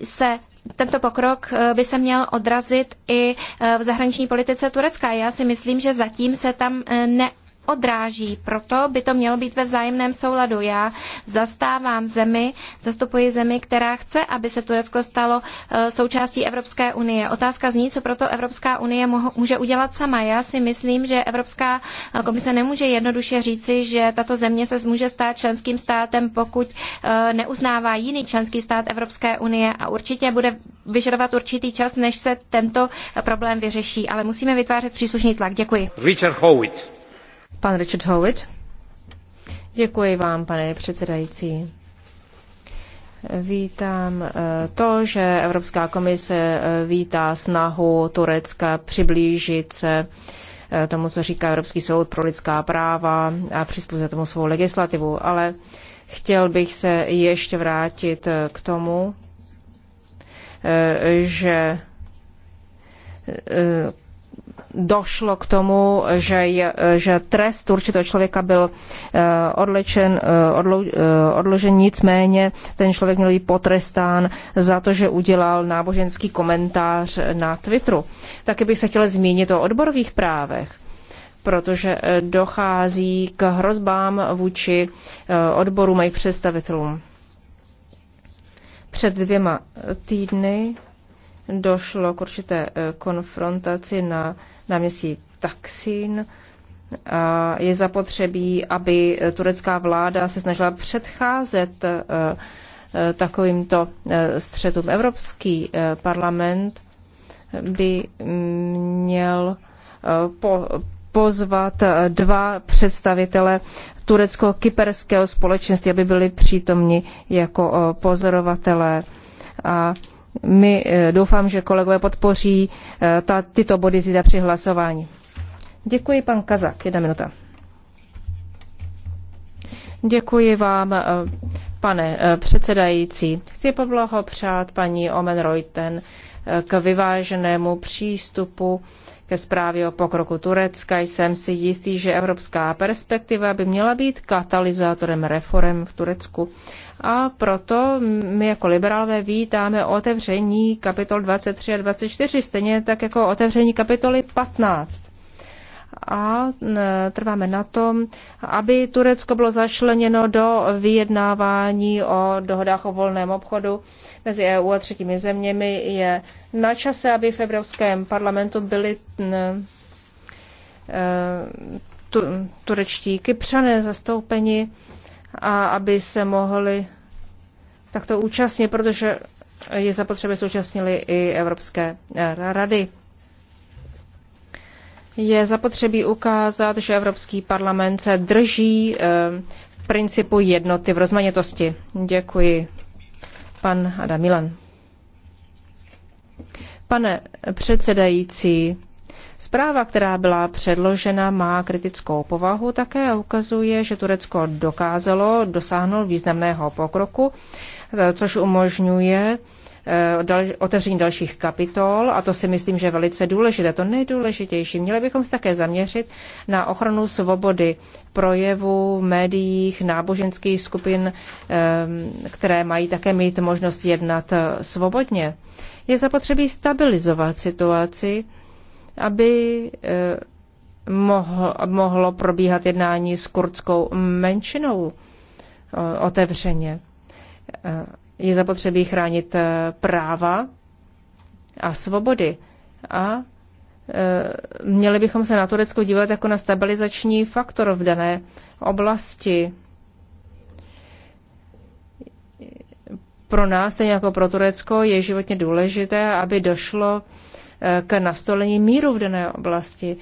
se tento pokrok eh, by se měl odrazit i eh, v zahraniční politice Turecka. Já si myslím, že zatím se tam eh, ne, neodráží. Proto by to mělo být ve vzájemném souladu. Já zastávám zemi, zastupuji zemi, která chce, aby se Turecko stalo eh, součástí Evropské unie. Otázka zní, co proto Evropská unie může udělat sama. Já si myslím, že Evropská eh, komise nemůže jednoduše říci, že tato země se může stát členským státem, pokud eh, neuznává jiný členský stát Evropské unie a určitě bude vyžadovat určitý čas, než se tento problém vyřeší. Ale musíme vytvářet příslušný tlak. Děkuji. Richard Howitt. Pan Richard Howitt. Děkuji vám, pane předsedající. Vítám eh, to, že Evropská komise eh, vítá snahu Turecka přiblížit se eh, tomu, co říká Evropský soud pro lidská práva a přizpůsobit tomu svou legislativu. Ale chtěl bych se ještě vrátit k tomu, že došlo k tomu, že, že trest určitého člověka byl eh, eh, eh, odložen, nicméně ten člověk měl být potrestán za to, že udělal náboženský komentář na Twitteru. Taky bych se chtěla zmínit o odborových právech protože dochází k hrozbám vůči odborům a jejich představitelům. Před dvěma týdny došlo k určité eh, konfrontaci na náměstí Taksin. A je zapotřebí, aby eh, turecká vláda se snažila předcházet eh, takovýmto střetům. Evropský parlament by měl po, pozvat dva představitele turecko-kyperského společenství, aby byli přítomni jako pozorovatelé. A my eh, doufám, že kolegové podpoří eh, ta, tyto body zítra při hlasování. Děkuji, pan Kazak. Jedna minuta. Děkuji vám, eh, pane předsedající. Chci poblahopřát paní Omen Reuten k vyváženému přístupu ke zprávě o pokroku Turecka jsem si jistý, že evropská perspektiva by měla být katalyzátorem reform v Turecku. A proto my jako liberálové vítáme otevření kapitol 23 a 24, stejně tak jako otevření kapitoly 15 a trváme na tom, aby Turecko bylo začleněno do vyjednávání o dohodách o volném obchodu mezi EU a třetími zeměmi. Je na čase, aby v Evropském parlamentu byly e, turečtí kypřané zastoupeni a aby se mohli takto účastnit, protože je zapotřebí současnili i Evropské e, rady je zapotřebí ukázat, že Evropský parlament se drží eh, v principu jednoty v rozmanitosti. Děkuji. Pan Adam Milan. Pane předsedající, Zpráva, která byla předložena, má kritickou povahu, také ukazuje, že Turecko dokázalo dosáhnout významného pokroku, eh, což umožňuje Eh, otevření dalších kapitol a to si myslím, že je velice důležité, to nejdůležitější. Měli bychom se také zaměřit na ochranu svobody projevu, médiích, náboženských skupin, eh, které mají také mít možnost jednat eh, svobodně. Je zapotřebí stabilizovat situaci, aby mohlo probíhat jednání s kurdskou menšinou otevřeně je zapotřebí chránit eh, práva a svobody. A eh, měli bychom se na Turecko dívat jako na stabilizační faktor v dané oblasti. Pro nás, stejně jako pro Turecko, je životně důležité, aby došlo eh, k nastolení míru v dané oblasti.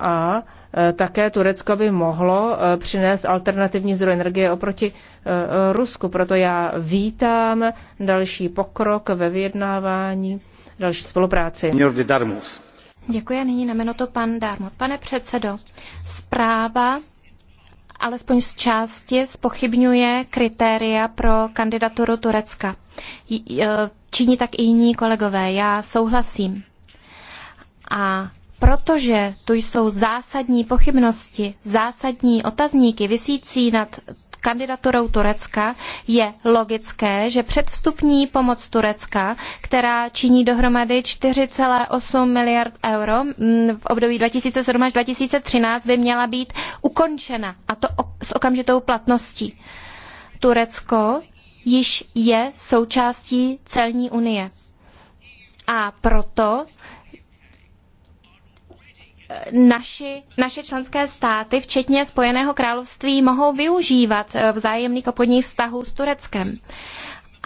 A Eh, také Turecko by mohlo eh, přinést alternativní zdroj energie oproti eh, Rusku. Proto já vítám další pokrok ve vyjednávání, další spolupráci. Děkuji. Nyní na to pan Darmot. Pane předsedo, zpráva alespoň z části spochybňuje kritéria pro kandidaturu Turecka. Činí tak i jiní kolegové. Já souhlasím. A protože tu jsou zásadní pochybnosti, zásadní otazníky visící nad kandidaturou Turecka, je logické, že předvstupní pomoc Turecka, která činí dohromady 4,8 miliard euro v období 2007 až 2013, by měla být ukončena a to s okamžitou platností. Turecko již je součástí celní unie. A proto naši, naše členské státy, včetně Spojeného království, mohou využívat eh, vzájemných obchodních vztahů s Tureckem.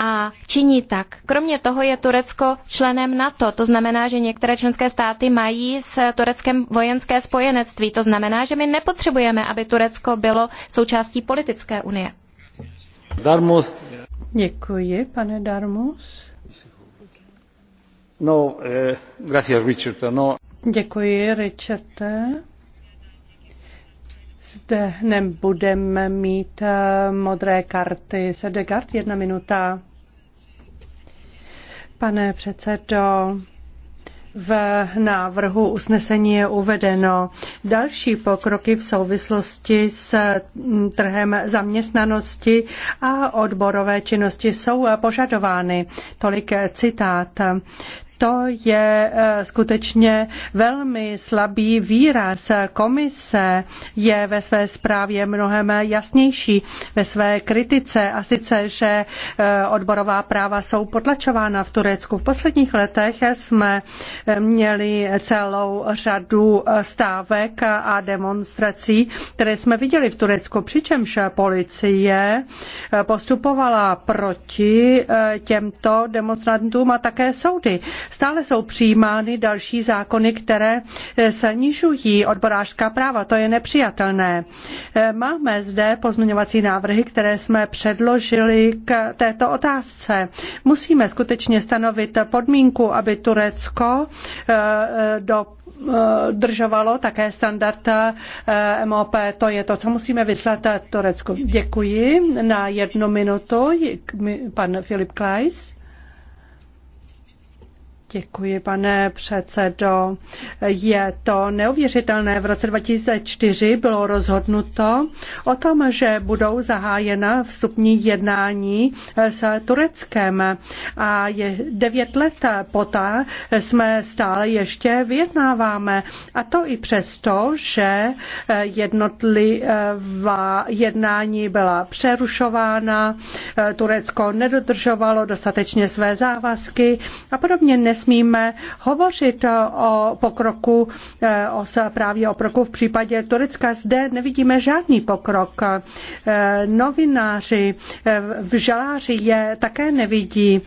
A činí tak. Kromě toho je Turecko členem NATO, to znamená, že některé členské státy mají s Tureckem vojenské spojenectví. To znamená, že my nepotřebujeme, aby Turecko bylo součástí politické unie. Darmus. Děkuji, pane Darmus. No, eh, gracias, Richard. No. Děkuji, Richarde. Zde nebudeme mít eh, modré karty. Sedegard, jedna minuta. Pane předsedo, v návrhu usnesení je uvedeno další pokroky v souvislosti s mm, trhem zaměstnanosti a odborové činnosti jsou požadovány. Tolik citát. To je eh, skutečně velmi slabý výraz. Komise je ve své zprávě mnohem jasnější ve své kritice a sice, že eh, odborová práva jsou potlačována v Turecku. V posledních letech jsme eh, měli celou řadu stávek a demonstrací, které jsme viděli v Turecku, přičemž policie postupovala proti těmto demonstrantům a také soudy. Stále jsou přijímány další zákony, které eh, snižují odborářská práva. To je nepřijatelné. Eh, máme zde pozměňovací návrhy, které jsme předložili k této otázce. Musíme skutečně stanovit podmínku, aby Turecko eh, do držovalo také standard MOP. To je to, co musíme vyslat Turecku. Děkuji. Na jednu minutu pan Filip Kleis. Děkuji, pane předsedo. Je to neuvěřitelné. V roce 2004 bylo rozhodnuto o tom, že budou zahájena vstupní jednání s Tureckem. A je devět let poté jsme stále ještě vyjednáváme. A to i přesto, že jednotlivá jednání byla přerušována, Turecko nedodržovalo dostatečně své závazky a podobně nesmíme hovořit o pokroku, eh, o právě o pokroku v případě Turecka. Zde nevidíme žádný pokrok. Eh, novináři eh, v žaláři je také nevidí.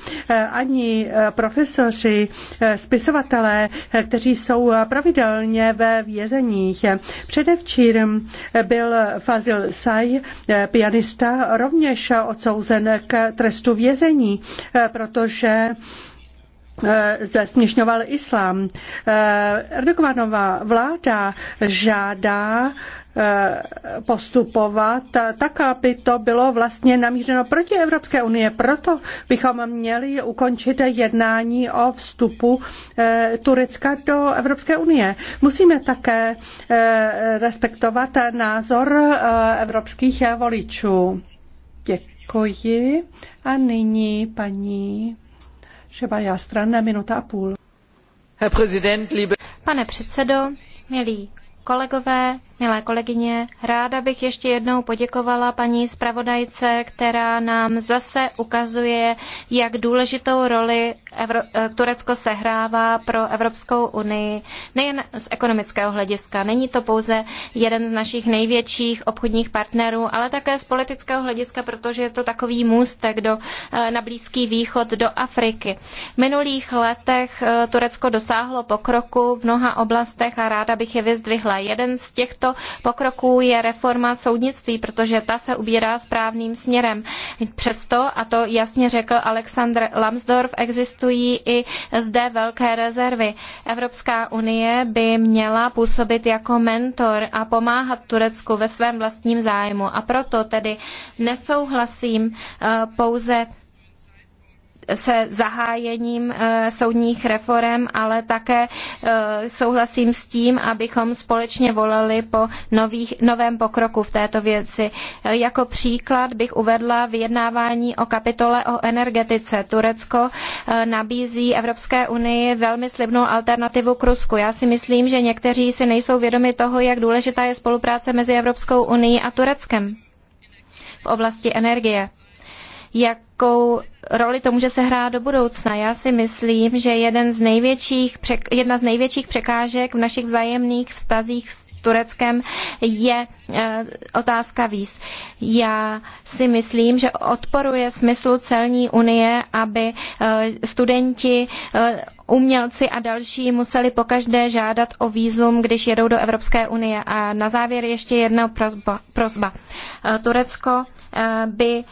Ani profesoři, spisovatelé, kteří jsou pravidelně ve vězeních. Předevčírem byl Fazil Saj, pianista, rovněž odsouzen k trestu vězení, protože Eh, zesměšňoval islám. Eh, Erdoganová vláda žádá eh, postupovat, tak aby to bylo vlastně namířeno proti Evropské unie. Proto bychom měli ukončit jednání o vstupu Turecka do Evropské unie. Musíme také respektovat názor evropských voličů. Děkuji. A nyní paní Pane předsedo, milí kolegové, Milé kolegyně, ráda bych ještě jednou poděkovala paní zpravodajce, která nám zase ukazuje, jak důležitou roli Evro- eh, Turecko sehrává pro Evropskou unii, nejen z ekonomického hlediska. Není to pouze jeden z našich největších obchodních partnerů, ale také z politického hlediska, protože je to takový můstek do, eh, na Blízký východ do Afriky. V minulých letech eh, Turecko dosáhlo pokroku v mnoha oblastech a ráda bych je vyzdvihla. Jeden z těchto pokroků je reforma soudnictví, protože ta se ubírá správným směrem. Přesto, a to jasně řekl Alexander Lambsdorff, existují i zde velké rezervy. Evropská unie by měla působit jako mentor a pomáhat Turecku ve svém vlastním zájmu. A proto tedy nesouhlasím eh, pouze se zahájením eh, soudních reform, ale také eh, souhlasím s tím, abychom společně volali po nových, novém pokroku v této věci. Eh, jako příklad bych uvedla vyjednávání o kapitole o energetice. Turecko nabízí Evropské unii velmi slibnou alternativu k Rusku. Já si myslím, že někteří si nejsou vědomi toho, jak důležitá je spolupráce mezi Evropskou unii a Tureckem v oblasti energie jakou roli to může sehrát do budoucna. Já si myslím, že jeden z největších, jedna z největších překážek v našich vzájemných vztazích s Tureckem je eh, otázka víz. Já si myslím, že odporuje smyslu celní unie, aby eh, studenti, eh, umělci a další museli pokaždé žádat o vízum, když jedou do Evropské unie. A na závěr ještě jedna prozba. Turecko by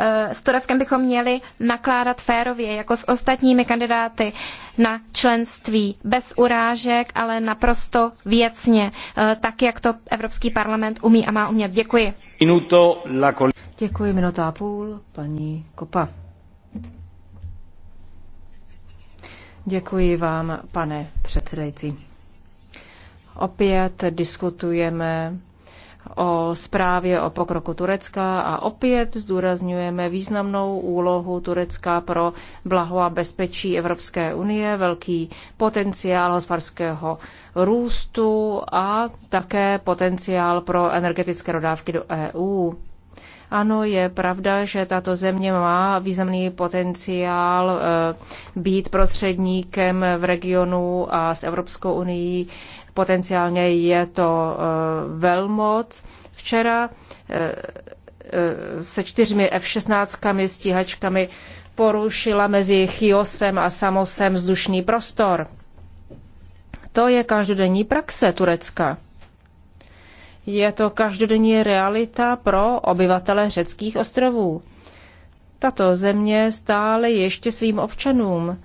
Eh, s Tureckem bychom měli nakládat férově, jako s ostatními kandidáty na členství, bez urážek, ale naprosto věcně, eh, tak, jak to Evropský parlament umí a má umět. Děkuji. Minuto, la kol- Děkuji, minuta a půl, paní Kopa. Děkuji vám, pane předsedající. Opět diskutujeme o zprávě o pokroku Turecka a opět zdůrazňujeme významnou úlohu Turecka pro blaho a bezpečí Evropské unie, velký potenciál hospodářského růstu a také potenciál pro energetické dodávky do EU. Ano, je pravda, že tato země má významný potenciál eh, být prostředníkem v regionu a s Evropskou unii potenciálně je to eh, velmoc. Včera eh, eh, se čtyřmi F-16 stíhačkami porušila mezi Chiosem a Samosem vzdušný prostor. To je každodenní praxe Turecka. Je to každodenní realita pro obyvatele řeckých ostrovů. Tato země stále ještě svým občanům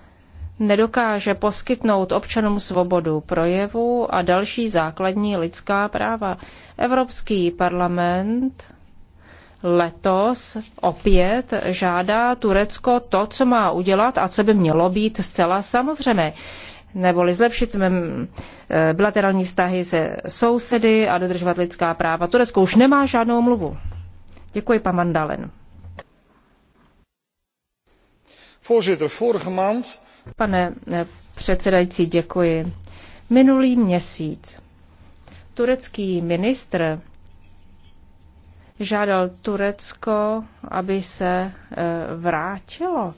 nedokáže poskytnout občanům svobodu projevu a další základní lidská práva. Evropský parlament letos opět žádá Turecko to, co má udělat a co by mělo být zcela samozřejmé neboli zlepšit e, bilaterální vztahy se sousedy a dodržovat lidská práva. Turecko už nemá žádnou mluvu. Děkuji, pan Mandalen. Voorzitter, vorige maand Pane eh, předsedající, děkuji. Minulý měsíc turecký ministr žádal Turecko, aby se eh, vrátilo.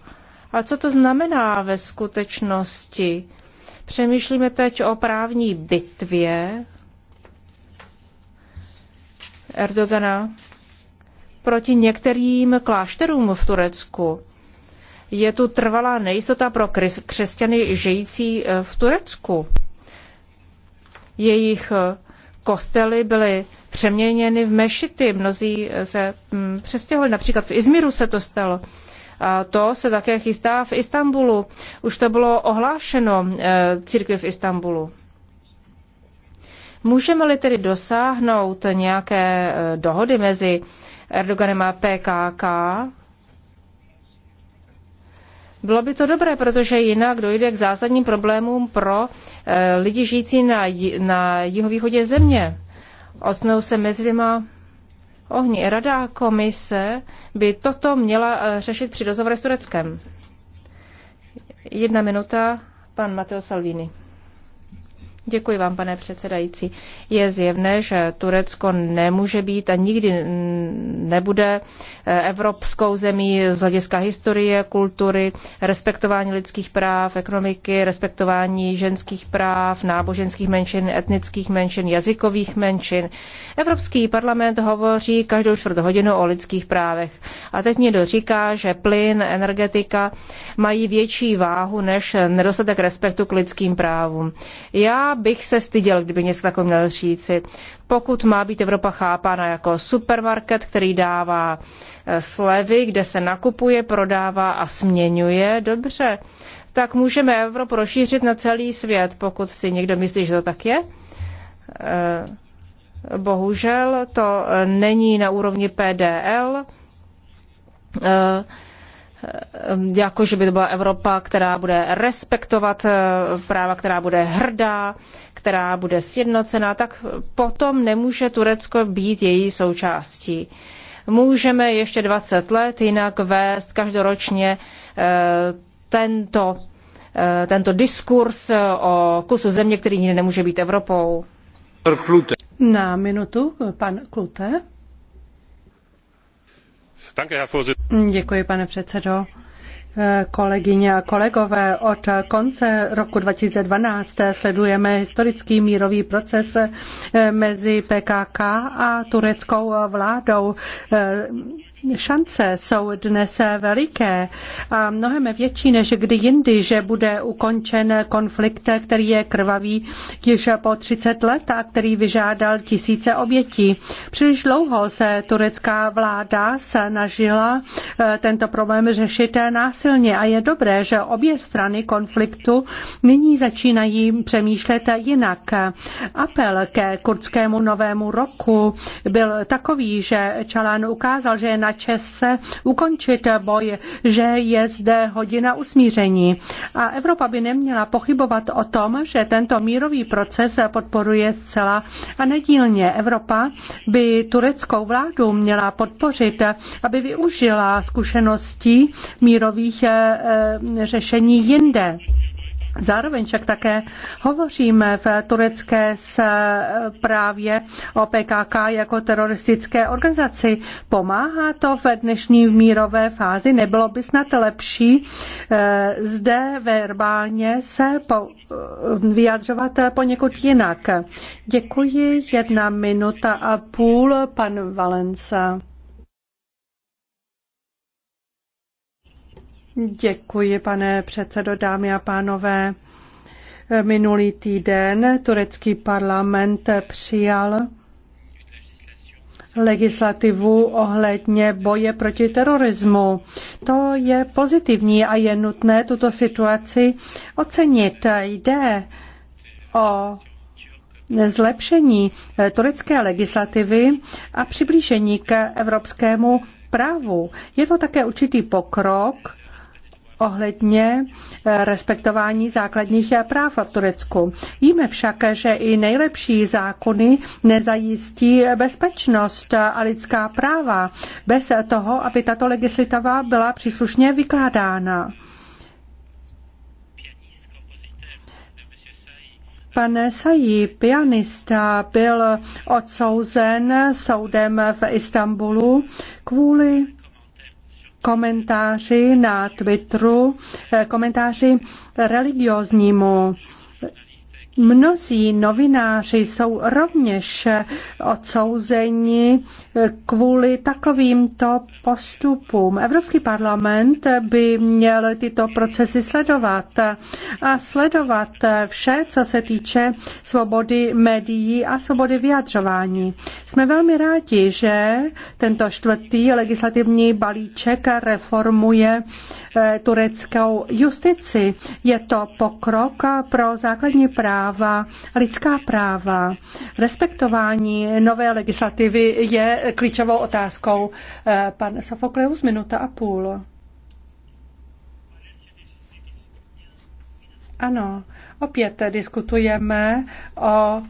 a co to znamená ve skutečnosti? Přemýšlíme teď o právní bitvě Erdogana proti některým klášterům v Turecku je tu trvalá nejistota pro křesťany žijící eh, v Turecku. Jejich eh, kostely byly přeměněny v mešity, mnozí eh, se mm, přestěhovali, například v Izmiru se to stalo. A to se také chystá v Istanbulu. Už to bylo ohlášeno církvi v Istanbulu. Můžeme-li tedy dosáhnout nějaké dohody mezi Erdoganem a PKK, bylo by to dobré, protože jinak dojde k zásadním problémům pro e, lidi žijící na, na jihovýchodě země. Osnou se mezi dvěma ohni. Rada komise by toto měla eh, řešit při rozhovoru s Tureckem. Jedna minuta, pan Matteo Salvini. Děkuji vám, pane předsedající. Je zjevné, že Turecko nemůže být a nikdy nebude eh, evropskou zemí z hlediska historie, kultury, respektování lidských práv, ekonomiky, respektování ženských práv, náboženských menšin, etnických menšin, jazykových menšin. Evropský parlament hovoří každou čtvrt hodinu o lidských právech. A teď mě doříká, že plyn, energetika mají větší váhu než nedostatek respektu k lidským právům. Já bych se styděl, kdyby něco takového měl říci. Pokud má být Evropa chápána jako supermarket, který dává eh, slevy, kde se nakupuje, prodává a směňuje, dobře, tak můžeme Evropu rozšířit na celý svět, pokud si někdo myslí, že to tak je. Eh, bohužel to eh, není na úrovni PDL Eh, jako že by to byla Evropa, která bude respektovat eh, práva, která bude hrdá, která bude sjednocená, tak potom nemůže Turecko být její součástí. Můžeme ještě 20 let jinak vést každoročně eh, tento, tento diskurs o kusu země, který nikdy nemůže být Evropou. Na minutu, pan Klute. Děkuji, pane předsedo. Kolegyně a kolegové, od konce roku 2012 sledujeme historický mírový proces mezi PKK a tureckou vládou šance jsou dnes veliké a mnohem větší než kdy jindy, že bude ukončen konflikt, který je krvavý již po 30 let a který vyžádal tisíce obětí. Příliš dlouho se turecká vláda snažila eh, tento problém řešit násilně a je dobré, že obě strany konfliktu nyní začínají přemýšlet jinak. Apel ke kurdskému novému roku byl takový, že Čalán ukázal, že je na čase ukončit boj, že je zde hodina usmíření. A Evropa by neměla pochybovat o tom, že tento mírový proces podporuje zcela a nedílně. Evropa by tureckou vládu měla podpořit, aby využila zkušeností mírových eh, řešení jinde. Zároveň však také hovoříme v turecké právě o PKK jako teroristické organizaci. Pomáhá to v dnešní mírové fázi? Nebylo by snad lepší eh, zde verbálně se po, vyjadřovat poněkud jinak? Děkuji. Jedna minuta a půl, pan Valenca. Děkuji, pane předsedo, dámy a pánové. Minulý týden turecký parlament přijal legislativu ohledně boje proti terorismu. To je pozitivní a je nutné tuto situaci ocenit. Jde o zlepšení turecké legislativy a přiblížení k evropskému právu. Je to také určitý pokrok ohledně eh, respektování základních eh, práv v Turecku. Víme však, že i nejlepší zákony nezajistí eh, bezpečnost a lidská práva bez toho, aby tato legislativa byla příslušně vykládána. Pane Sají, pianista, byl odsouzen soudem v Istanbulu kvůli komentáři na Twitteru, eh, komentáři religioznímu Mnozí novináři jsou rovněž odsouzeni kvůli takovýmto postupům. Evropský parlament by měl tyto procesy sledovat a sledovat vše, co se týče svobody médií a svobody vyjadřování. Jsme velmi rádi, že tento čtvrtý legislativní balíček reformuje tureckou justici. Je to pokrok pro základní práva, lidská práva. Respektování nové legislativy je klíčovou otázkou. Eh, pan Sofokleus, minuta a půl. Ano, opět diskutujeme o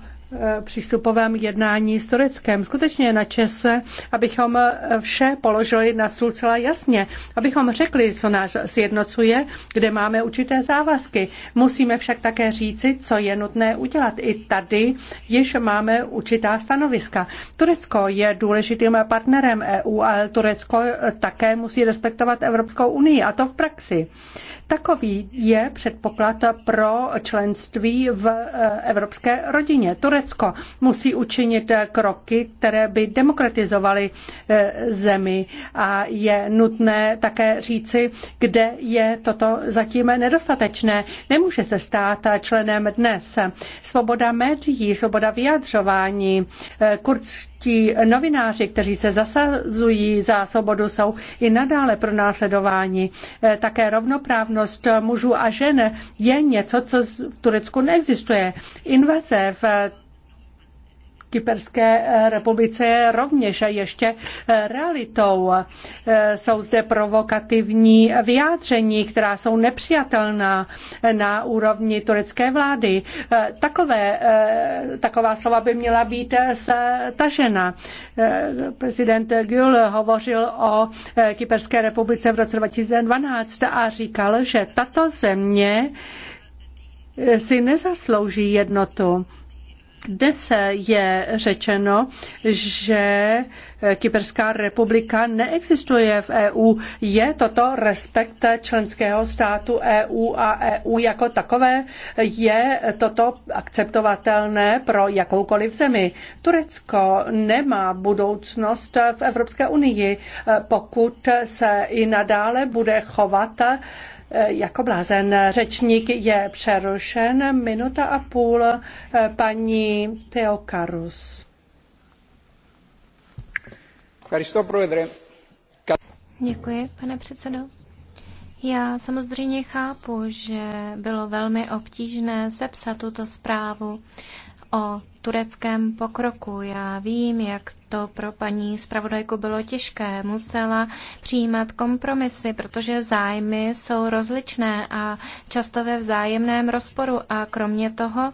přístupovém jednání s Tureckem. Skutečně je na čase, abychom vše položili na stůl celá jasně, abychom řekli, co nás sjednocuje, kde máme určité závazky. Musíme však také říci, co je nutné udělat. I tady již máme určitá stanoviska. Turecko je důležitým partnerem EU, ale Turecko také musí respektovat Evropskou unii a to v praxi. Takový je předpoklad pro členství v eh, evropské rodině. Turecko Turecko musí učinit eh, kroky, které by demokratizovaly eh, zemi a je nutné také říci, kde je toto zatím nedostatečné. Nemůže se stát eh, členem dnes. Svoboda médií, svoboda vyjadřování, kurz novináři, kteří se zasazují za svobodu, jsou i nadále pro následování. Také rovnoprávnost mužů a žen je něco, co v Turecku neexistuje. Invaze v Kyperské eh, republice je rovněž ještě eh, realitou. Eh, jsou zde provokativní vyjádření, která jsou nepřijatelná na úrovni turecké vlády. Takové, taková slova by měla být stažena. Prezident Gül hovořil o Kyperské republice v roce 2012 a říkal, že tato země si nezaslouží jednotu se je řečeno, že Kyperská republika neexistuje v EU. Je toto respekt členského státu EU a EU jako takové? Je toto akceptovatelné pro jakoukoliv zemi? Turecko nemá budoucnost v Evropské unii, pokud se i nadále bude chovat Eh, jako blázen. Řečník je přerušen. Minuta a půl eh, paní Teokarus. Děkuji, pane předsedo. Já samozřejmě chápu, že bylo velmi obtížné sepsat tuto zprávu o tureckém pokroku. Já vím, jak to pro paní zpravodajku bylo těžké. Musela přijímat kompromisy, protože zájmy jsou rozličné a často ve vzájemném rozporu. A kromě toho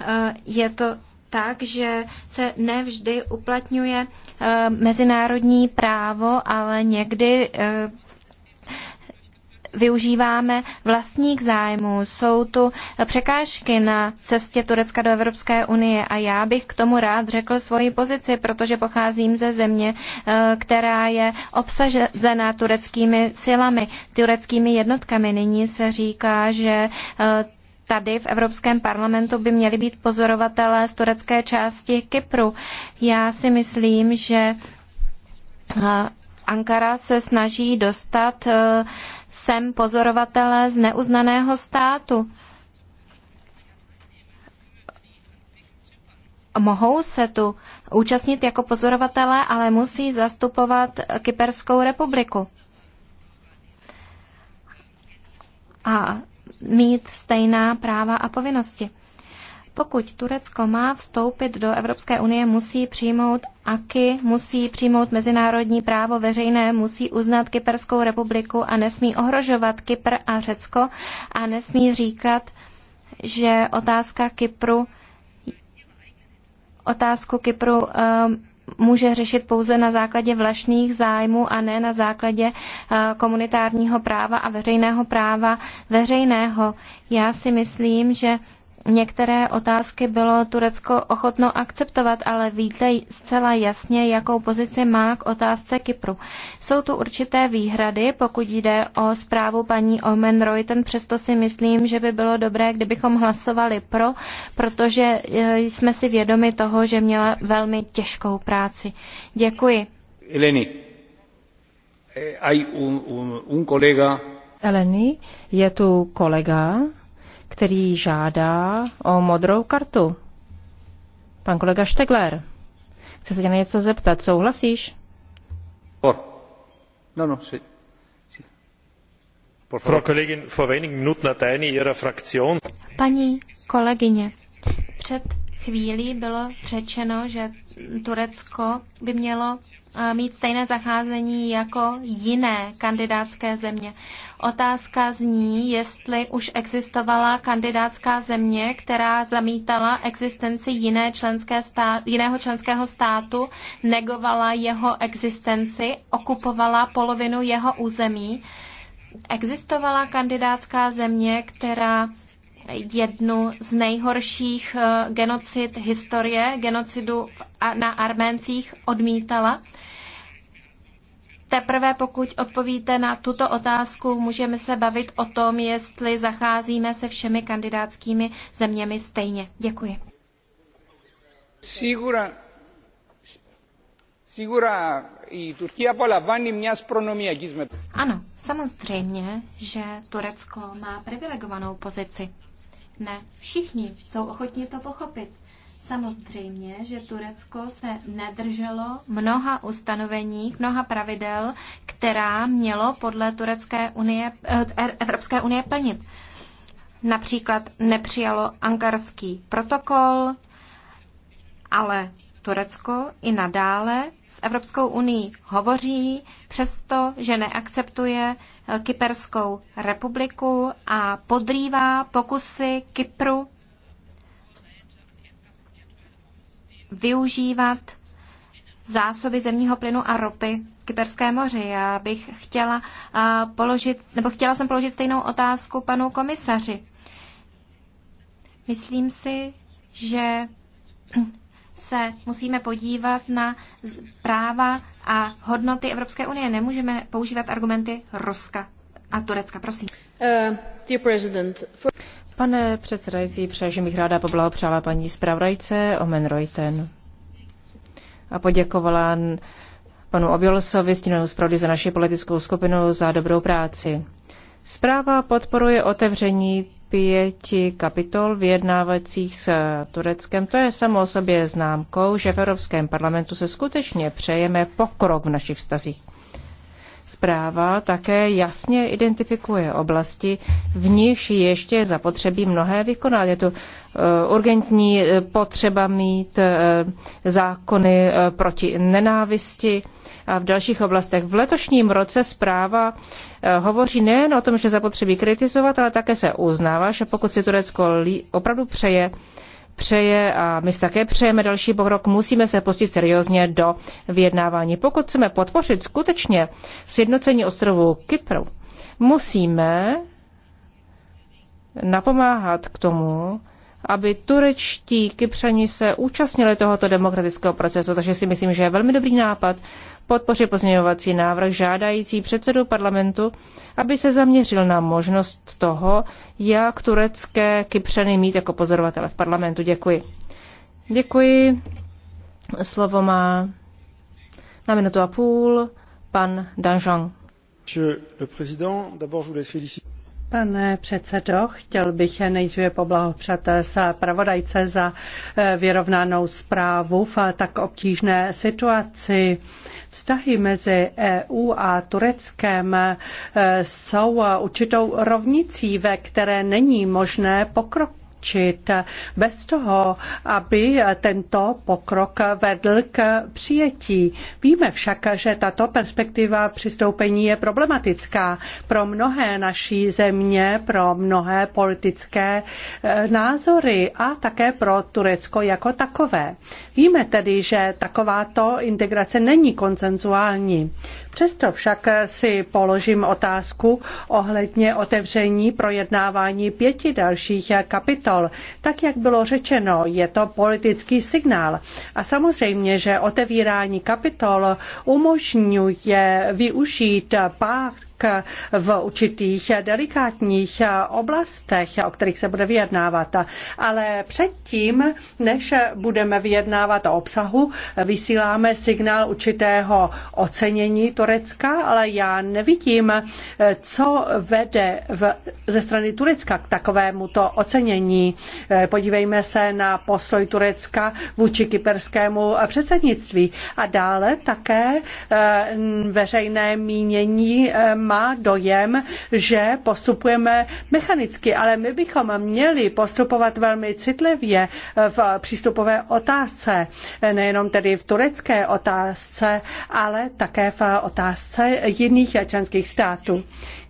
eh, je to tak, že se nevždy uplatňuje eh, mezinárodní právo, ale někdy eh, využíváme vlastních zájmů. Jsou tu překážky na cestě Turecka do Evropské unie a já bych k tomu rád řekl svoji pozici, protože pocházím ze země, eh, která je obsažena tureckými silami, tureckými jednotkami. Nyní se říká, že eh, tady v Evropském parlamentu by měli být pozorovatelé z turecké části Kypru. Já si myslím, že eh, Ankara se snaží dostat jsem pozorovatele z neuznaného státu. Mohou se tu účastnit jako pozorovatelé, ale musí zastupovat Kyperskou republiku. A mít stejná práva a povinnosti. Pokud Turecko má vstoupit do Evropské unie, musí přijmout AKY, musí přijmout mezinárodní právo veřejné, musí uznat Kyperskou republiku a nesmí ohrožovat Kypr a Řecko a nesmí říkat, že otázka Kypru otázku Kypru um, může řešit pouze na základě vlastních zájmů a ne na základě eh, komunitárního práva a veřejného práva veřejného. Já si myslím, že Některé otázky bylo Turecko ochotno akceptovat, ale víte zcela jasně, jakou pozici má k otázce Kypru. Jsou tu určité výhrady, pokud jde o zprávu paní Omen Reuten, přesto si myslím, že by bylo dobré, kdybychom hlasovali pro, protože eh, jsme si vědomi toho, že měla velmi těžkou práci. Děkuji. Eleni, eh, hay un, un, un kolega. Eleni, je tu kolega který žádá o modrou kartu. Pan kolega Štegler, chce se tě na něco zeptat. Souhlasíš? Por. No, no, si. Paní kolegyně, před chvílí bylo řečeno, že Turecko by mělo eh, mít stejné zacházení jako jiné kandidátské země. Otázka zní, jestli už existovala kandidátská země, která zamítala existenci jiné členské stát, jiného členského státu, negovala jeho existenci, okupovala polovinu jeho území. Existovala kandidátská země, která jednu z nejhorších eh, genocid historie, genocidu na Arméncích odmítala. Teprve pokud odpovíte na tuto otázku, můžeme se bavit o tom, jestli zacházíme se všemi kandidátskými zeměmi stejně. Děkuji. Sigura, sigura i Turkia polavání mě z Ano, samozřejmě, že Turecko má privilegovanou pozici. Ne, všichni jsou ochotni to pochopit. Samozřejmě, že Turecko se nedrželo mnoha ustanovení, mnoha pravidel, která mělo podle Turecké unie, eh, Evropské unie plnit. Například nepřijalo ankarský protokol, ale Turecko i nadále s Evropskou unii hovoří, přesto, že neakceptuje eh, Kyperskou republiku a podrývá pokusy Kypru využívat zásoby zemního plynu a ropy k Perské moři. Já bych chtěla položit, nebo chtěla jsem položit stejnou otázku panu komisaři. Myslím si, že se musíme podívat na práva a hodnoty Evropské unie. Nemůžeme používat argumenty Ruska a Turecka. Prosím. Uh, dear Pane předsedající, především bych ráda poblahopřála paní zpravodajce Omen Reuten a poděkovala panu Obiolsovi, stínovému zpravodaji za naši politickou skupinu, za dobrou práci. Zpráva podporuje otevření pěti kapitol vyjednávacích s Tureckem. To je samo o sobě známkou, že v Evropském parlamentu se skutečně přejeme pokrok v našich vztazích. Zpráva také jasně identifikuje oblasti, v níž ještě zapotřebí mnohé vykonat. Je to eh, urgentní eh, potřeba mít eh, zákony proti nenávisti a v dalších oblastech. V letošním roce zpráva hovoří nejen o tom, že zapotřebí kritizovat, ale také se uznává, že pokud si Turecko opravdu přeje přeje a my si také přejeme další pokrok, musíme se pustit seriózně do vyjednávání. Pokud chceme podpořit skutečně sjednocení ostrovu Kypru, musíme napomáhat k tomu, aby turečtí kypřani se účastnili tohoto demokratického procesu. Takže si myslím, že je velmi dobrý nápad podpořit pozměňovací návrh žádající předsedu parlamentu, aby se zaměřil na možnost toho, jak turecké kypřany mít jako pozorovatele v parlamentu. Děkuji. Děkuji. Slovo má na minutu a půl pan Danjean. Monsieur le Président, d'abord je voulais féliciter. Pane předsedo, chtěl bych nejdříve poblahopřát se pravodajce za eh, vyrovnanou zprávu v tak obtížné situaci. Vztahy mezi EU a Tureckem eh, jsou určitou rovnicí, ve které není možné pokrok tlačit bez toho, aby tento pokrok vedl k přijetí. Víme však, že tato perspektiva přistoupení je problematická pro mnohé naší země, pro mnohé politické eh, názory a také pro Turecko jako takové. Víme tedy, že takováto integrace není konsenzuální. Přesto však si položím otázku ohledně otevření projednávání pěti dalších kapitol kapitol. Tak, jak bylo řečeno, je to politický signál. A samozřejmě, že otevírání kapitol umožňuje využít pár v určitých delikátních oblastech, o kterých se bude vyjednávat. Ale předtím, než budeme vyjednávat o obsahu, vysíláme signál určitého ocenění Turecka, ale já nevidím, co vede v, ze strany Turecka k takovému to ocenění. Podívejme se na postoj Turecka vůči kyperskému předsednictví. A dále také eh, veřejné mínění eh, má má dojem, že postupujeme mechanicky, ale my bychom měli postupovat velmi citlivě v přístupové otázce, nejenom tedy v turecké otázce, ale také v otázce jiných členských států.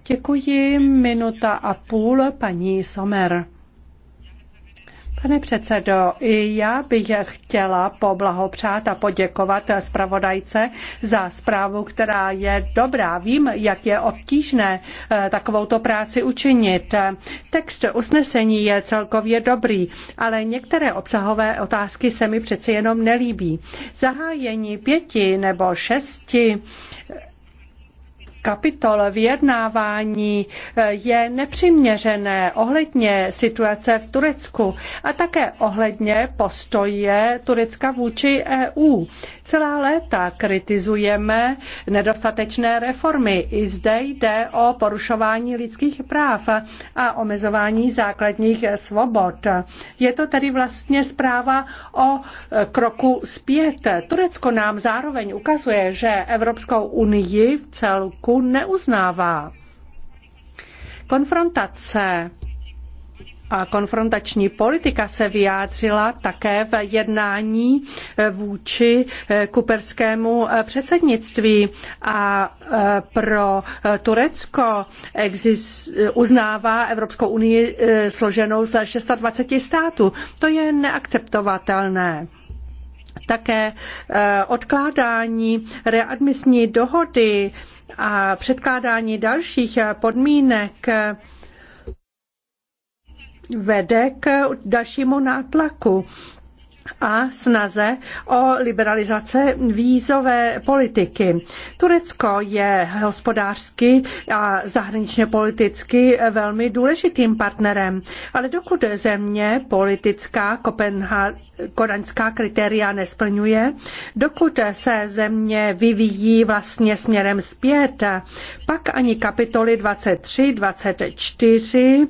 Děkuji. Minuta a půl paní Somer. Pane předsedo, i já bych chtěla poblahopřát a poděkovat zpravodajce za zprávu, která je dobrá. Vím, jak je obtížné eh, takovouto práci učinit. Text usnesení je celkově dobrý, ale některé obsahové otázky se mi přeci jenom nelíbí. Zahájení pěti nebo šesti kapitol vyjednávání eh, je nepřiměřené ohledně situace v Turecku a také ohledně postoje Turecka vůči EU. Celá léta kritizujeme nedostatečné reformy. I zde jde o porušování lidských práv a omezování základních svobod. Je to tedy vlastně zpráva o eh, kroku zpět. Turecko nám zároveň ukazuje, že Evropskou unii v celku válku neuznává. Konfrontace a konfrontační politika se vyjádřila také v jednání vůči eh, kuperskému eh, předsednictví a eh, pro Turecko uznává Evropskou unii složenou ze 26 států. To je neakceptovatelné také odkládání readmisní dohody a předkládání dalších podmínek vede k dalšímu nátlaku a snaze o liberalizace vízové politiky. Turecko je hospodářsky a zahraničně politicky velmi důležitým partnerem, ale dokud země politická Kopenha, kodaňská kritéria nesplňuje, dokud se země vyvíjí vlastně směrem zpět, pak ani kapitoly 23, 24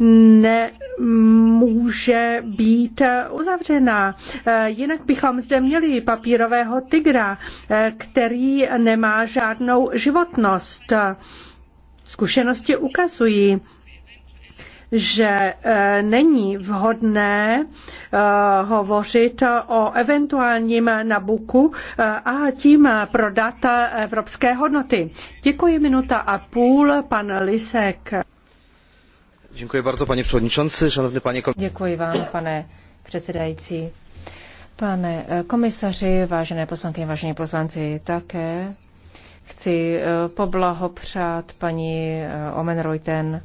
nemůže být uzavřena. Eh, jinak bychom zde měli papírového tygra, eh, který nemá žádnou životnost. Zkušenosti ukazují, že eh, není vhodné hovořit o eventuálním nabuku a tím prodat evropské hodnoty. Děkuji minuta a půl, pan Lisek. Děkuji pane předsedající. pane... vám, pane Pane komisaři, vážené poslankyně, vážení poslanci, také chci e, poblahopřát paní e, Omen Reuten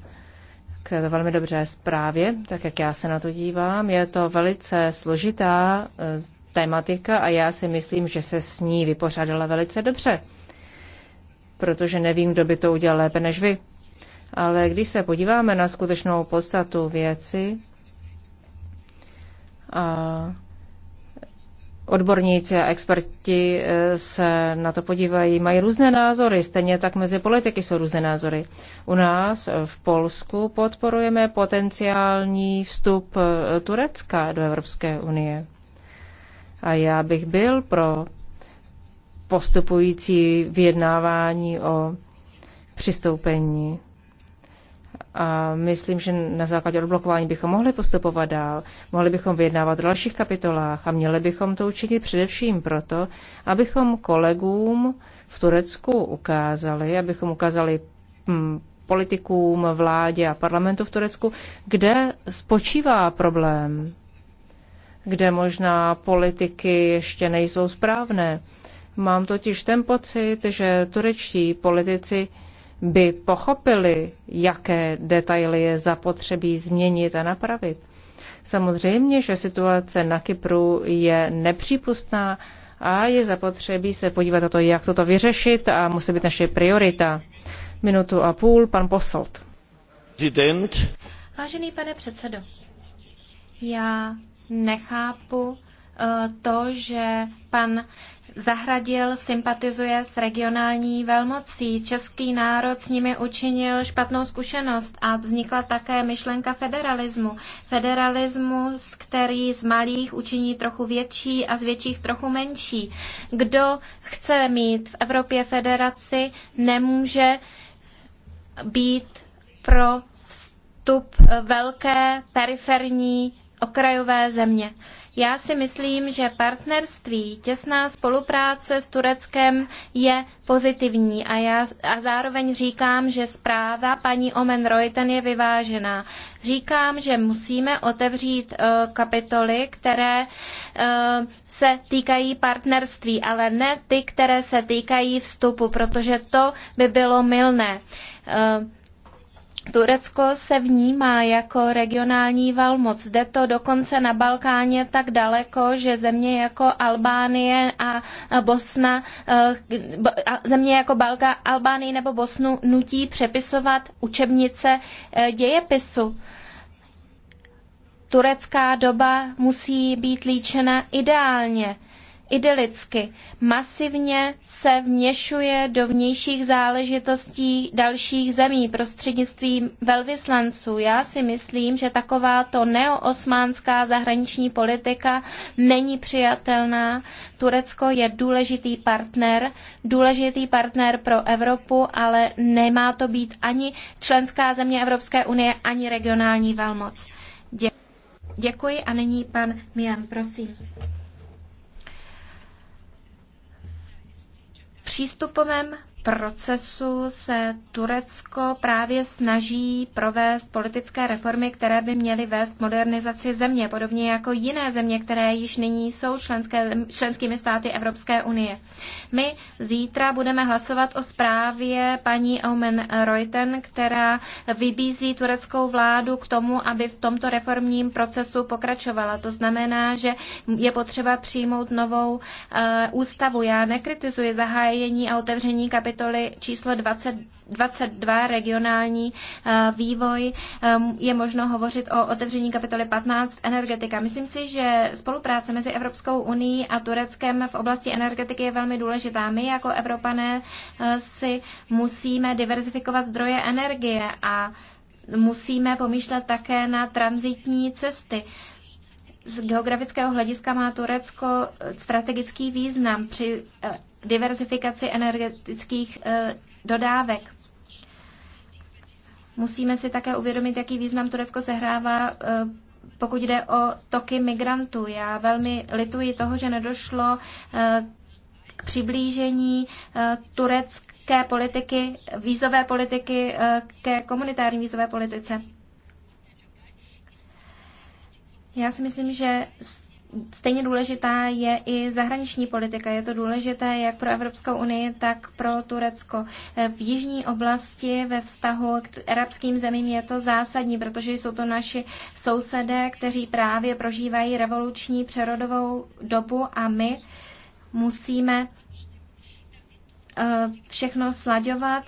k této velmi dobré zprávě, tak jak já se na to dívám. Je to velice složitá e, tematika a já si myslím, že se s ní vypořádala velice dobře, protože nevím, kdo by to udělal lépe než vy. Ale když se podíváme na skutečnou podstatu věci, a odborníci a experti eh, se na to podívají, mají různé názory, stejně tak mezi politiky jsou různé názory. U nás eh, v Polsku podporujeme potenciální vstup eh, Turecka do Evropské unie. A já bych byl pro postupující vyjednávání o přistoupení a myslím, že na základě odblokování bychom mohli postupovat dál, mohli bychom vyjednávat v dalších kapitolách a měli bychom to učinit především proto, abychom kolegům v Turecku ukázali, abychom ukázali hm, politikům, vládě a parlamentu v Turecku, kde spočívá problém, kde možná politiky ještě nejsou správné. Mám totiž ten pocit, že turečtí politici by pochopili, jaké detaily je zapotřebí změnit a napravit. Samozřejmě, že situace na Kypru je nepřípustná a je zapotřebí se podívat na to, jak toto vyřešit a musí být naše priorita. Minutu a půl, pan Posolt. Prezident. Vážený pane předsedo, já nechápu eh, to, že pan Zahradil sympatizuje s regionální velmocí. Český národ s nimi učinil špatnou zkušenost a vznikla také myšlenka federalismu. Federalismus, který z malých učiní trochu větší a z větších trochu menší. Kdo chce mít v Evropě federaci, nemůže být pro vstup velké periferní okrajové země. Já si myslím, že partnerství, těsná spolupráce s Tureckem je pozitivní a, já, a zároveň říkám, že zpráva paní Omen Reuten je vyvážená. Říkám, že musíme otevřít uh, kapitoly, které uh, se týkají partnerství, ale ne ty, které se týkají vstupu, protože to by bylo mylné. Uh, Turecko se vnímá jako regionální velmoc. Jde to dokonce na Balkáně tak daleko, že země jako Albánie a Bosna, eh, země jako Balka, Albánie nebo Bosnu nutí přepisovat učebnice eh, dějepisu. Turecká doba musí být líčena ideálně idylicky. Masivně se vměšuje do vnějších záležitostí dalších zemí prostřednictvím velvyslanců. Já si myslím, že takováto neoosmánská zahraniční politika není přijatelná. Turecko je důležitý partner, důležitý partner pro Evropu, ale nemá to být ani členská země Evropské unie, ani regionální velmoc. Děkuji a nyní pan Mian, prosím. přístupovém procesu se Turecko právě snaží provést politické reformy, které by měly vést modernizaci země, podobně jako jiné země, které již nyní jsou členské, členskými státy Evropské unie. My zítra budeme hlasovat o zprávě paní Omen Reuten, která vybízí tureckou vládu k tomu, aby v tomto reformním procesu pokračovala. To znamená, že je potřeba přijmout novou uh, ústavu. Já nekritizuji zahájení a otevření kapitálu kapitoly číslo 20, 22 regionální eh, vývoj eh, je možno hovořit o otevření kapitoly 15 energetika. Myslím si, že spolupráce mezi Evropskou unii a Tureckem v oblasti energetiky je velmi důležitá. My jako Evropané eh, si musíme diverzifikovat zdroje energie a musíme pomýšlet také na transitní cesty. Z geografického hlediska má Turecko strategický význam při diverzifikaci energetických eh, dodávek. Musíme si také uvědomit, jaký význam Turecko sehrává, eh, pokud jde o toky migrantů. Já velmi lituji toho, že nedošlo eh, k přiblížení turecké politiky, vízové politiky ke komunitární vízové politice. Já si myslím, že Stejně důležitá je i zahraniční politika. Je to důležité jak pro Evropskou unii, tak pro Turecko. Eh, v jižní oblasti ve vztahu k arabským zemím je to zásadní, protože jsou to naši sousedé, kteří právě prožívají revoluční přerodovou dobu a my musíme eh, všechno slaďovat,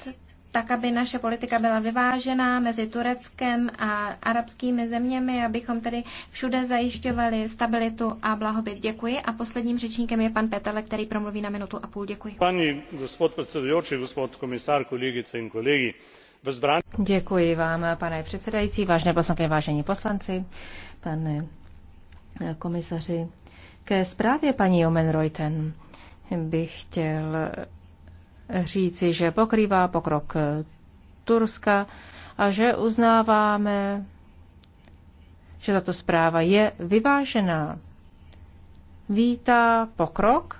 tak aby naše politika byla vyvážená mezi Tureckem a arabskými zeměmi, abychom tedy všude zajišťovali stabilitu a blahobyt. Děkuji. A posledním řečníkem je pan Petele, který promluví na minutu a půl. Děkuji. Pani, gospod předsedující, gospod komisár, kolegice in kolegi. Zbrán... Děkuji vám, pane předsedající, vážné poslankyně, vážení poslanci, pane komisaři. Ke zprávě paní Omen Reuten bych chtěl říci, že pokrývá pokrok Turska a že uznáváme, že tato zpráva je vyvážená. Vítá pokrok eh,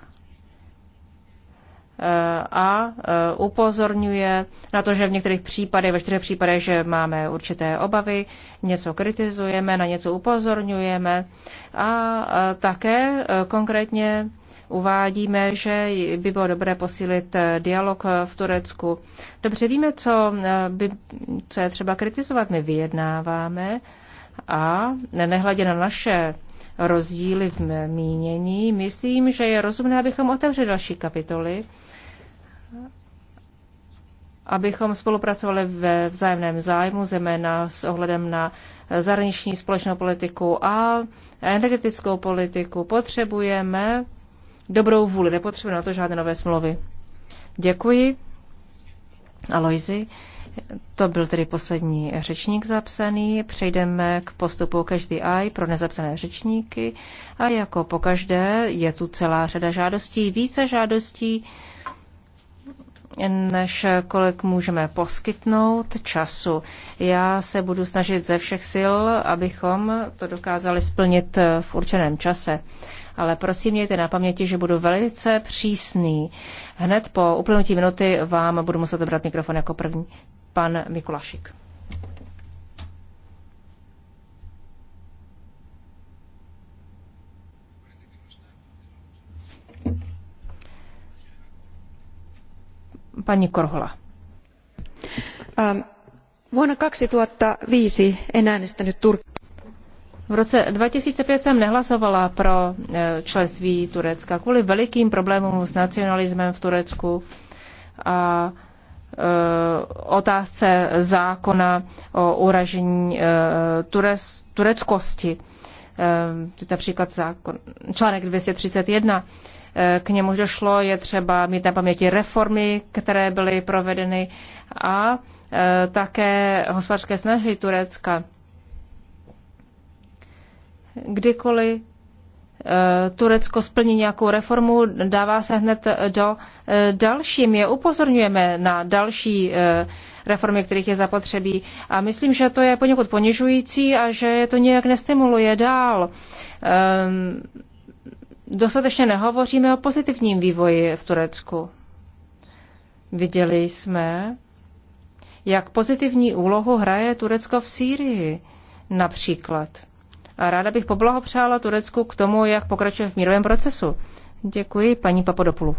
a eh, upozorňuje na to, že v některých případech, ve čtyřech případech, že máme určité obavy, něco kritizujeme, na něco upozorňujeme a eh, také konkrétně uvádíme, že by bylo dobré posílit eh, dialog eh, v Turecku. Dobře víme, co, eh, by, co je třeba kritizovat. My vyjednáváme a nehledě na naše rozdíly v mínění, myslím, že je rozumné, abychom otevřeli další kapitoly, abychom spolupracovali ve vzájemném zájmu, zejména s ohledem na zahraniční společnou politiku a energetickou politiku. Potřebujeme dobrou vůli. Nepotřebujeme na to žádné nové smlouvy. Děkuji. Aloizi. To byl tedy poslední řečník zapsaný. Přejdeme k postupu každý AI pro nezapsané řečníky. A jako po každé je tu celá řada žádostí, více žádostí, než kolik můžeme poskytnout času. Já se budu snažit ze všech sil, abychom to dokázali splnit v určeném čase ale prosím mějte na paměti, že budu velice přísný. Hned po uplynutí minuty vám budu muset obrat mikrofon jako první. Pan Mikulašik. Pani Korhola. Um, vuonna 2005 en äänestänyt Turkkia. V roce 2005 jsem nehlasovala pro eh, členství Turecka kvůli velikým problémům s nacionalismem v Turecku a eh, otázce zákona o uražení eh, To je Například zákon, článek 231 k němuž došlo, je třeba mít na paměti reformy, které byly provedeny a také hospodářské snahy Turecka kdykoliv eh, Turecko splní nějakou reformu, dává se hned eh, do eh, dalším. Je upozorňujeme na další reformy, kterých je zapotřebí. A myslím, že to je poněkud ponižující a že to nějak nestimuluje dál. Ehm, dostatečně nehovoříme o pozitivním vývoji v Turecku. Viděli jsme, jak pozitivní úlohu hraje Turecko v Sýrii například. A ráda bych poblahopřála Turecku k tomu, jak pokračuje v mírovém procesu. Děkuji, paní Papadopoulou.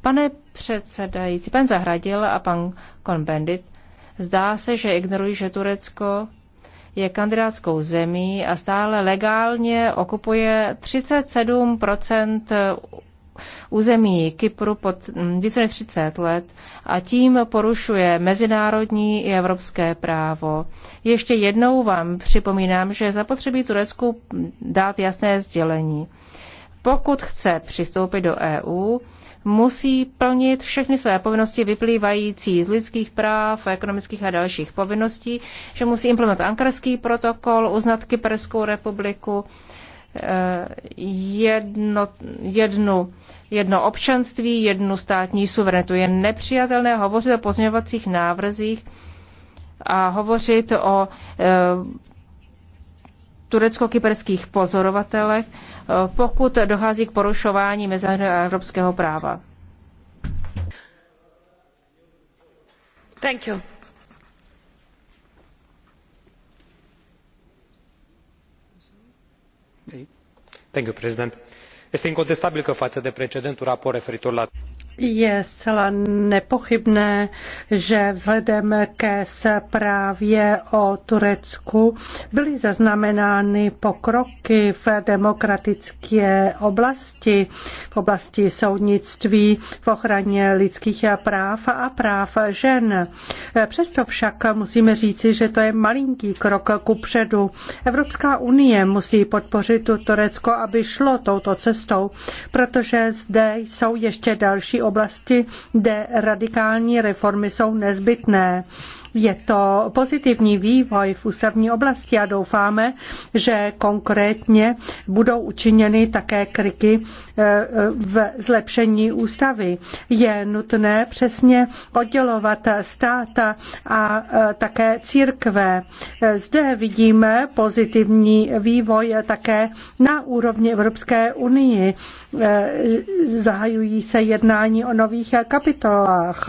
Pane předsedající, pan Zahradil a pan Konbendit, zdá se, že ignorují, že Turecko je kandidátskou zemí a stále legálně okupuje 37 území Kypru pod mm, více než 30 let a tím porušuje mezinárodní i evropské právo. Ještě jednou vám připomínám, že zapotřebí Turecku dát jasné sdělení. Pokud chce přistoupit do EU, musí plnit všechny své povinnosti vyplývající z lidských práv, ekonomických a dalších povinností, že musí implementovat Ankarský protokol, uznat Kyperskou republiku, jedno, jednu, jedno občanství, jednu státní suverenitu. Je nepřijatelné hovořit o pozměňovacích návrzích a hovořit o e, turecko-kyperských pozorovatelech, eh, pokud dochází k porušování mezinárodního evropského práva. Thank you. este incontestabil că faă de precedentul raport referitor la. Je zcela nepochybné, že vzhledem ke zprávě o Turecku byly zaznamenány pokroky v demokratické oblasti, v oblasti soudnictví, v ochraně lidských práv a práv žen. Přesto však musíme říci, že to je malinký krok ku předu. Evropská unie musí podpořit Turecko, aby šlo touto cestou, protože zde jsou ještě další oblasti, kde radikální reformy jsou nezbytné. Je to pozitivní vývoj v ústavní oblasti a doufáme, že konkrétně budou učiněny také kriky e, e, v zlepšení ústavy. Je nutné přesně oddělovat státa a e, také církve. Zde vidíme pozitivní vývoj také na úrovni Evropské unii. Zahajují se jednání o nových kapitolách.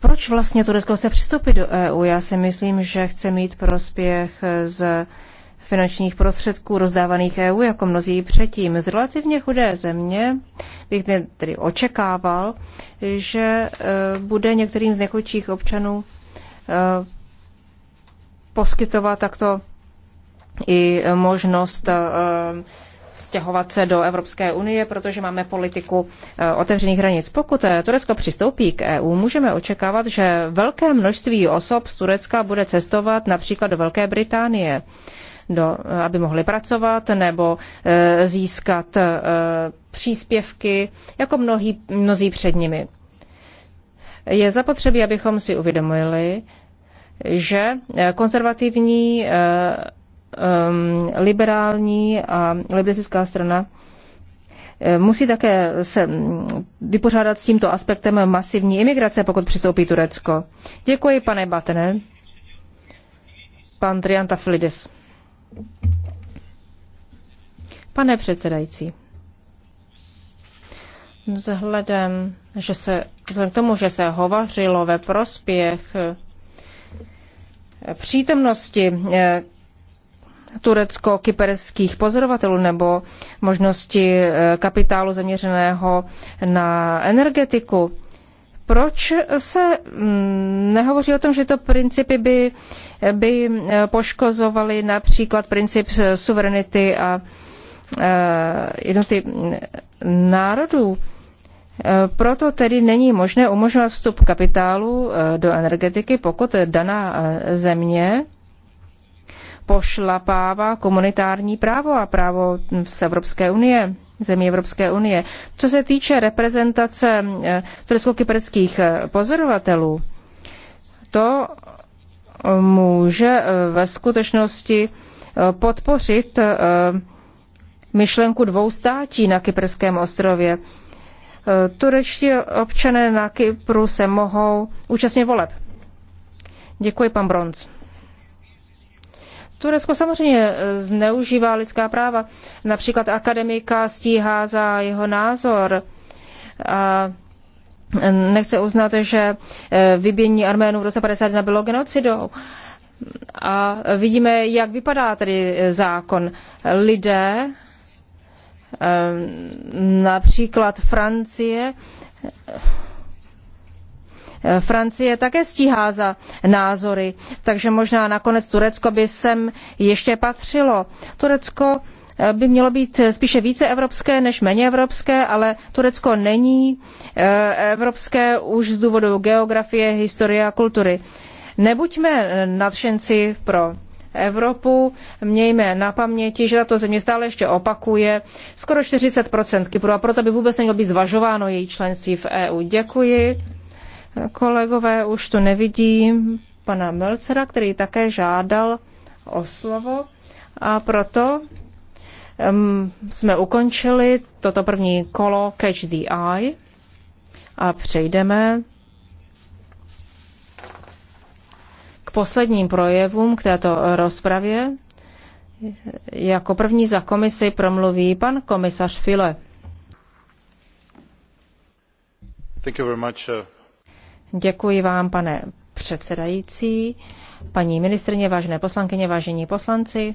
proč vlastně Turecko chce přistoupit do EU? Já si myslím, že chce mít prospěch z finančních prostředků rozdávaných EU, jako mnozí předtím. Z relativně chudé země bych tedy očekával, že e, bude některým z nejchudších občanů e, poskytovat takto i možnost e, stěhovat se do Evropské unie, protože máme politiku eh, otevřených hranic. Pokud eh, Turecko přistoupí k EU, můžeme očekávat, že velké množství osob z Turecka bude cestovat například do Velké Británie, do, eh, aby mohli pracovat nebo získat příspěvky, jako mnohí, mnozí před nimi. Je zapotřebí, abychom si uvědomili, že konzervativní um, liberální a liberistická strana eh, musí také se vypořádat s tímto aspektem masivní imigrace, pokud přistoupí Turecko. Děkuji, pane Batene. Pan Trianta Flides. Pane předsedající, vzhledem, že se, vzhledem k tomu, že se hovařilo ve prospěch eh, přítomnosti eh, turecko-kyperských pozorovatelů nebo možnosti eh, kapitálu zaměřeného na energetiku. Proč se mm, nehovoří o tom, že to principy by, by eh, poškozovaly například princip suverenity a eh, jednoty mm, národů? Proto tedy není možné umožňovat vstup kapitálu do energetiky, pokud daná země pošlapává komunitární právo a právo z Evropské unie, zemí Evropské unie. Co se týče reprezentace eh, turecko eh, pozorovatelů, to eh, může ve skutečnosti podpořit myšlenku dvou státí na kyperském ostrově. Turečtí občané na Kypru se mohou účastnit voleb. Děkuji, pan Bronz. Turecko samozřejmě eh, zneužívá lidská práva. Například akademika stíhá za jeho názor. A eh, nechce uznat, že eh, vybění Arménů v roce 51 bylo genocidou. A vidíme, jak vypadá tedy zákon. Lidé, například Francie, Francie také stíhá za názory, takže možná nakonec Turecko by sem ještě patřilo. Turecko eh, by mělo být eh, spíše více evropské než méně evropské, ale Turecko není eh, evropské už z důvodu geografie, historie a kultury. Nebuďme nadšenci pro Evropu. Mějme na paměti, že tato země stále ještě opakuje skoro 40 Kypru a proto by vůbec nemělo být zvažováno její členství v EU. Děkuji. Kolegové už tu nevidím pana Melcera, který také žádal o slovo a proto um, jsme ukončili toto první kolo Catch the Eye a přejdeme k posledním projevům k této rozpravě. Jako první za komisi promluví pan komisař File. Thank you very much, uh... Děkuji vám, pane předsedající, paní ministrině, vážené poslankyně, vážení poslanci.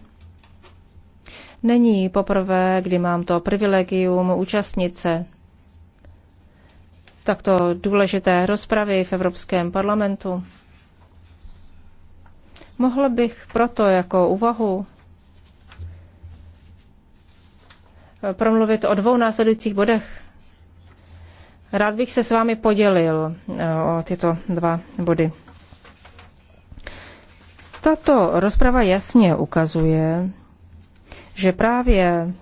Není poprvé, kdy mám to privilegium účastnit se takto důležité rozpravy v Evropském parlamentu. Mohl bych proto jako úvahu promluvit o dvou následujících bodech Rád bych se s vámi podělil eh, o tyto dva body. Tato rozprava jasně ukazuje, že právě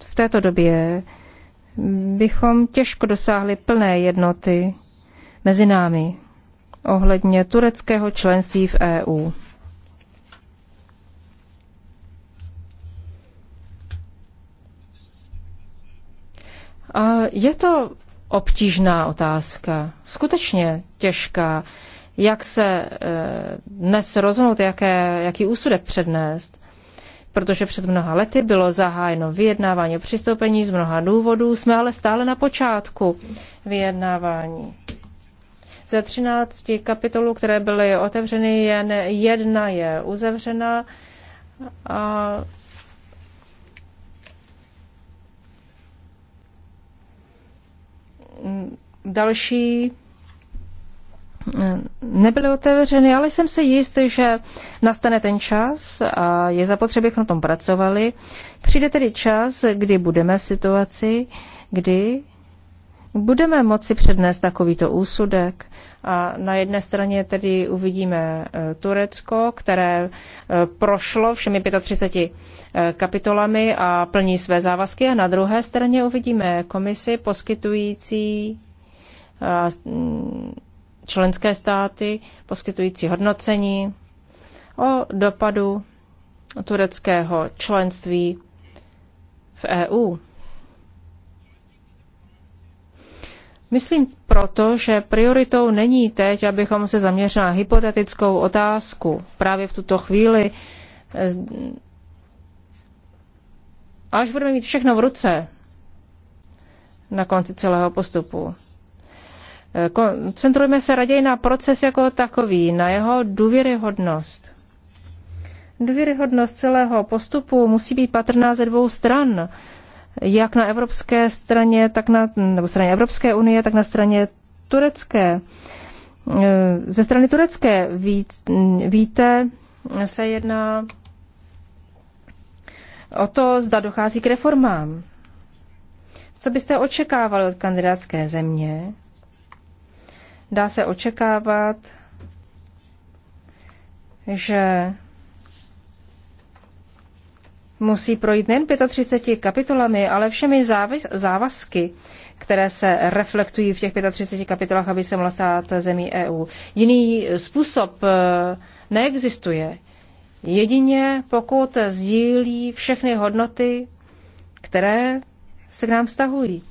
v této době bychom těžko dosáhli plné jednoty mezi námi ohledně tureckého členství v EU. A je to obtížná otázka, skutečně těžká. Jak se eh, dnes rozhodnout, jaké, jaký úsudek přednést? Protože před mnoha lety bylo zahájeno vyjednávání o přistoupení z mnoha důvodů, jsme ale stále na počátku vyjednávání. Ze 13 kapitolů, které byly otevřeny, jen jedna je uzavřena. A další eh, nebyly otevřeny, ale jsem si jist, že nastane ten čas a je zapotřebí, abychom na tom pracovali. Přijde tedy čas, kdy budeme v situaci, kdy budeme moci přednést takovýto úsudek. A na jedné straně tedy uvidíme eh, Turecko, které eh, prošlo všemi 35 eh, kapitolami a plní své závazky. A na druhé straně uvidíme komisi poskytující mm, členské státy, poskytující hodnocení o dopadu tureckého členství v EU. Myslím proto, že prioritou není teď, abychom se zaměřili na hypotetickou otázku právě v tuto chvíli. Eh, až budeme mít všechno v ruce na konci celého postupu. Eh, Koncentrujeme se raději na proces jako takový, na jeho důvěryhodnost. Důvěryhodnost celého postupu musí být patrná ze dvou stran jak na evropské straně, tak na, nebo straně Evropské unie, tak na straně turecké. Eh, ze strany turecké ví, víte, se jedná o to, zda dochází k reformám. Co byste očekávali od kandidátské země? Dá se očekávat, že musí projít nejen 35 kapitolami, ale všemi závazky, které se reflektují v těch 35 kapitolách, aby se mohla stát zemí EU. Jiný způsob eh, neexistuje. Jedině pokud sdílí všechny hodnoty, které se k nám vztahují.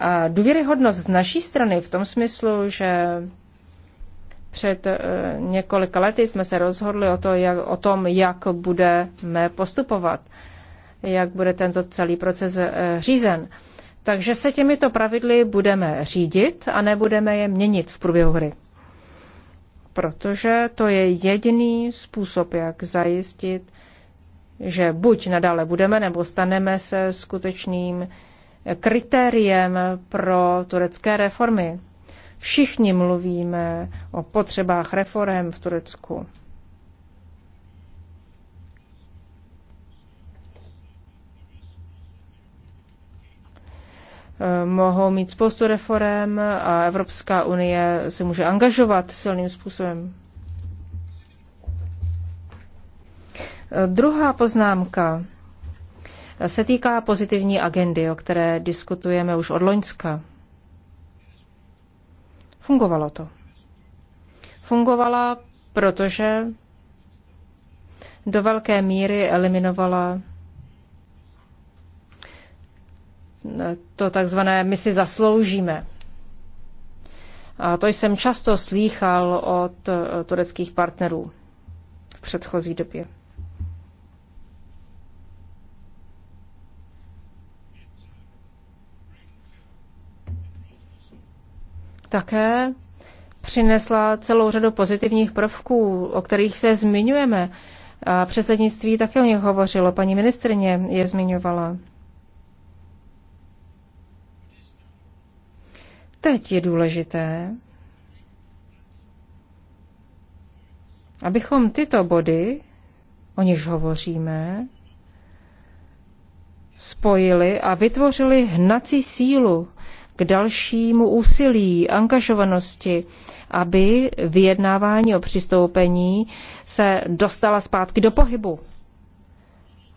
A důvěryhodnost z naší strany v tom smyslu, že před eh, několika lety jsme se rozhodli o, to, jak, o tom, jak budeme postupovat, jak bude tento celý proces eh, řízen. Takže se těmito pravidly budeme řídit a nebudeme je měnit v průběhu hry. Protože to je jediný způsob, jak zajistit, že buď nadále budeme, nebo staneme se skutečným kritériem pro turecké reformy. Všichni mluvíme o potřebách reform v Turecku. mohou mít spoustu reform a Evropská unie se může angažovat silným způsobem. Druhá poznámka se týká pozitivní agendy, o které diskutujeme už od Loňska. Fungovalo to. Fungovala, protože do velké míry eliminovala eh, to takzvané my si zasloužíme. A to jsem často slýchal od eh, tureckých partnerů v předchozí době. také přinesla celou řadu pozitivních prvků, o kterých se zmiňujeme. A předsednictví také o nich hovořilo, paní ministrině je zmiňovala. Teď je důležité, abychom tyto body, o nichž hovoříme, spojili a vytvořili hnací sílu k dalšímu úsilí, angažovanosti, aby vyjednávání o přistoupení se dostala zpátky do pohybu.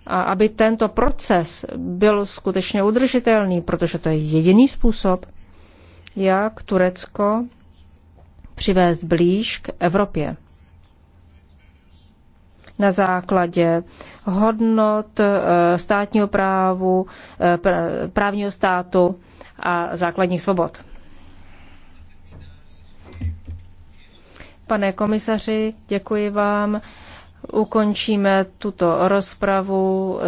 A aby tento proces byl skutečně udržitelný, protože to je jediný způsob, jak Turecko přivést blíž k Evropě. Na základě hodnot eh, státního právu, eh, právního státu a základních svobod. Pane komisaři, děkuji vám. Ukončíme tuto rozpravu eh,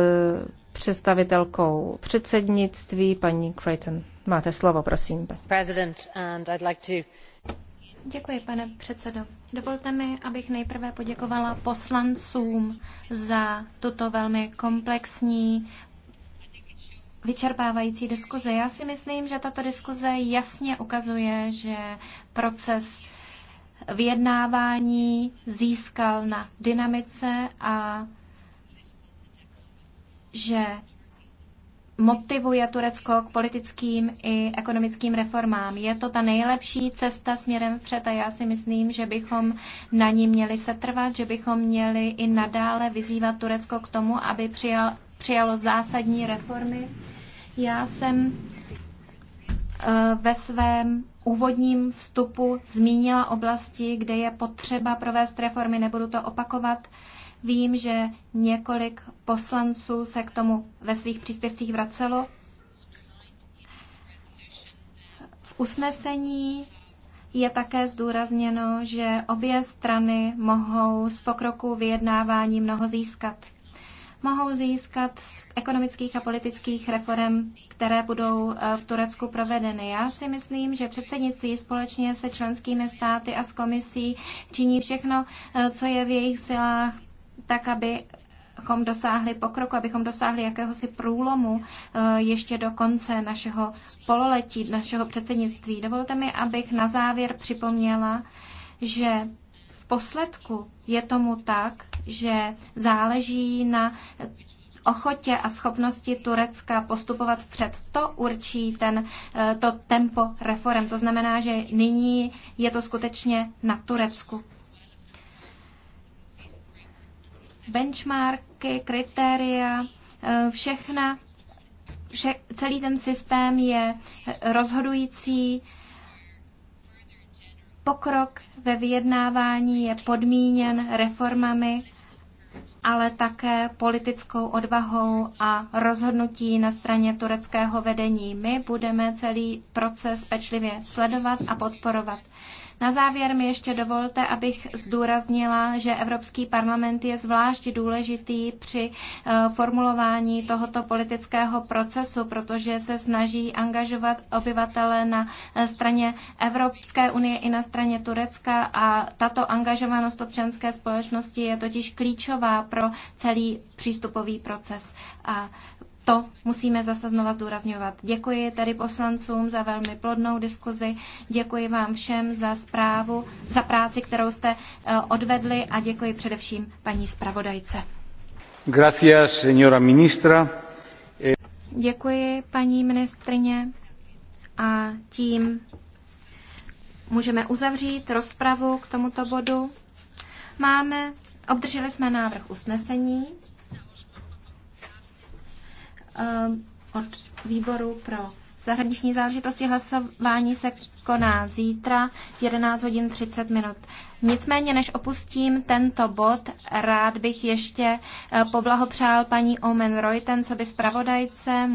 představitelkou předsednictví, paní Creighton. Máte slovo, prosím. Děkuji, pane předsedo. Dovolte mi, abych nejprve poděkovala poslancům za tuto velmi komplexní vyčerpávající diskuzi. Já si myslím, že tato diskuze jasně ukazuje, že proces vyjednávání získal na dynamice a že motivuje Turecko k politickým i ekonomickým reformám. Je to ta nejlepší cesta směrem vpřed a já si myslím, že bychom na ní měli setrvat, že bychom měli i nadále vyzývat Turecko k tomu, aby přijal, přijalo zásadní reformy. Já jsem eh, ve svém úvodním vstupu zmínila oblasti, kde je potřeba provést reformy, nebudu to opakovat. Vím, že několik poslanců se k tomu ve svých příspěvcích vracelo. V usnesení je také zdůrazněno, že obě strany mohou z pokroku vyjednávání mnoho získat mohou získat z ekonomických a politických reform, které budou eh, v Turecku provedeny. Já si myslím, že předsednictví společně se členskými státy a s komisí činí všechno, eh, co je v jejich silách, tak, aby abychom dosáhli pokroku, abychom dosáhli jakéhosi průlomu eh, ještě do konce našeho pololetí, našeho předsednictví. Dovolte mi, abych na závěr připomněla, že v posledku je tomu tak, že záleží na ochotě a schopnosti Turecka postupovat vpřed. To určí ten, eh, to tempo reform. To znamená, že nyní je to skutečně na Turecku. Benchmarky, kritéria, eh, všechna, vše, celý ten systém je eh, rozhodující. Pokrok ve vyjednávání je podmíněn reformami ale také politickou odvahou a rozhodnutí na straně tureckého vedení. My budeme celý proces pečlivě sledovat a podporovat. Na závěr mi ještě dovolte, abych zdůraznila, že Evropský parlament je zvlášť důležitý při eh, formulování tohoto politického procesu, protože se snaží angažovat obyvatele na eh, straně Evropské unie i na straně Turecka a tato angažovanost občanské společnosti je totiž klíčová pro celý přístupový proces. A to musíme zase znova zdůrazňovat. Děkuji tedy poslancům za velmi plodnou diskuzi, děkuji vám všem za zprávu, za práci, kterou jste eh, odvedli a děkuji především paní zpravodajce. Gracias, señora ministra. Děkuji, paní ministrině. A tím můžeme uzavřít rozpravu k tomuto bodu. Máme, obdrželi jsme návrh usnesení. Ehm, od výboru pro zahraniční záležitosti hlasování se koná zítra v 11 hodin 30 minut. Nicméně, než opustím tento bod, rád bych ještě eh, poblahopřál paní Omen Reuten, co by zpravodajce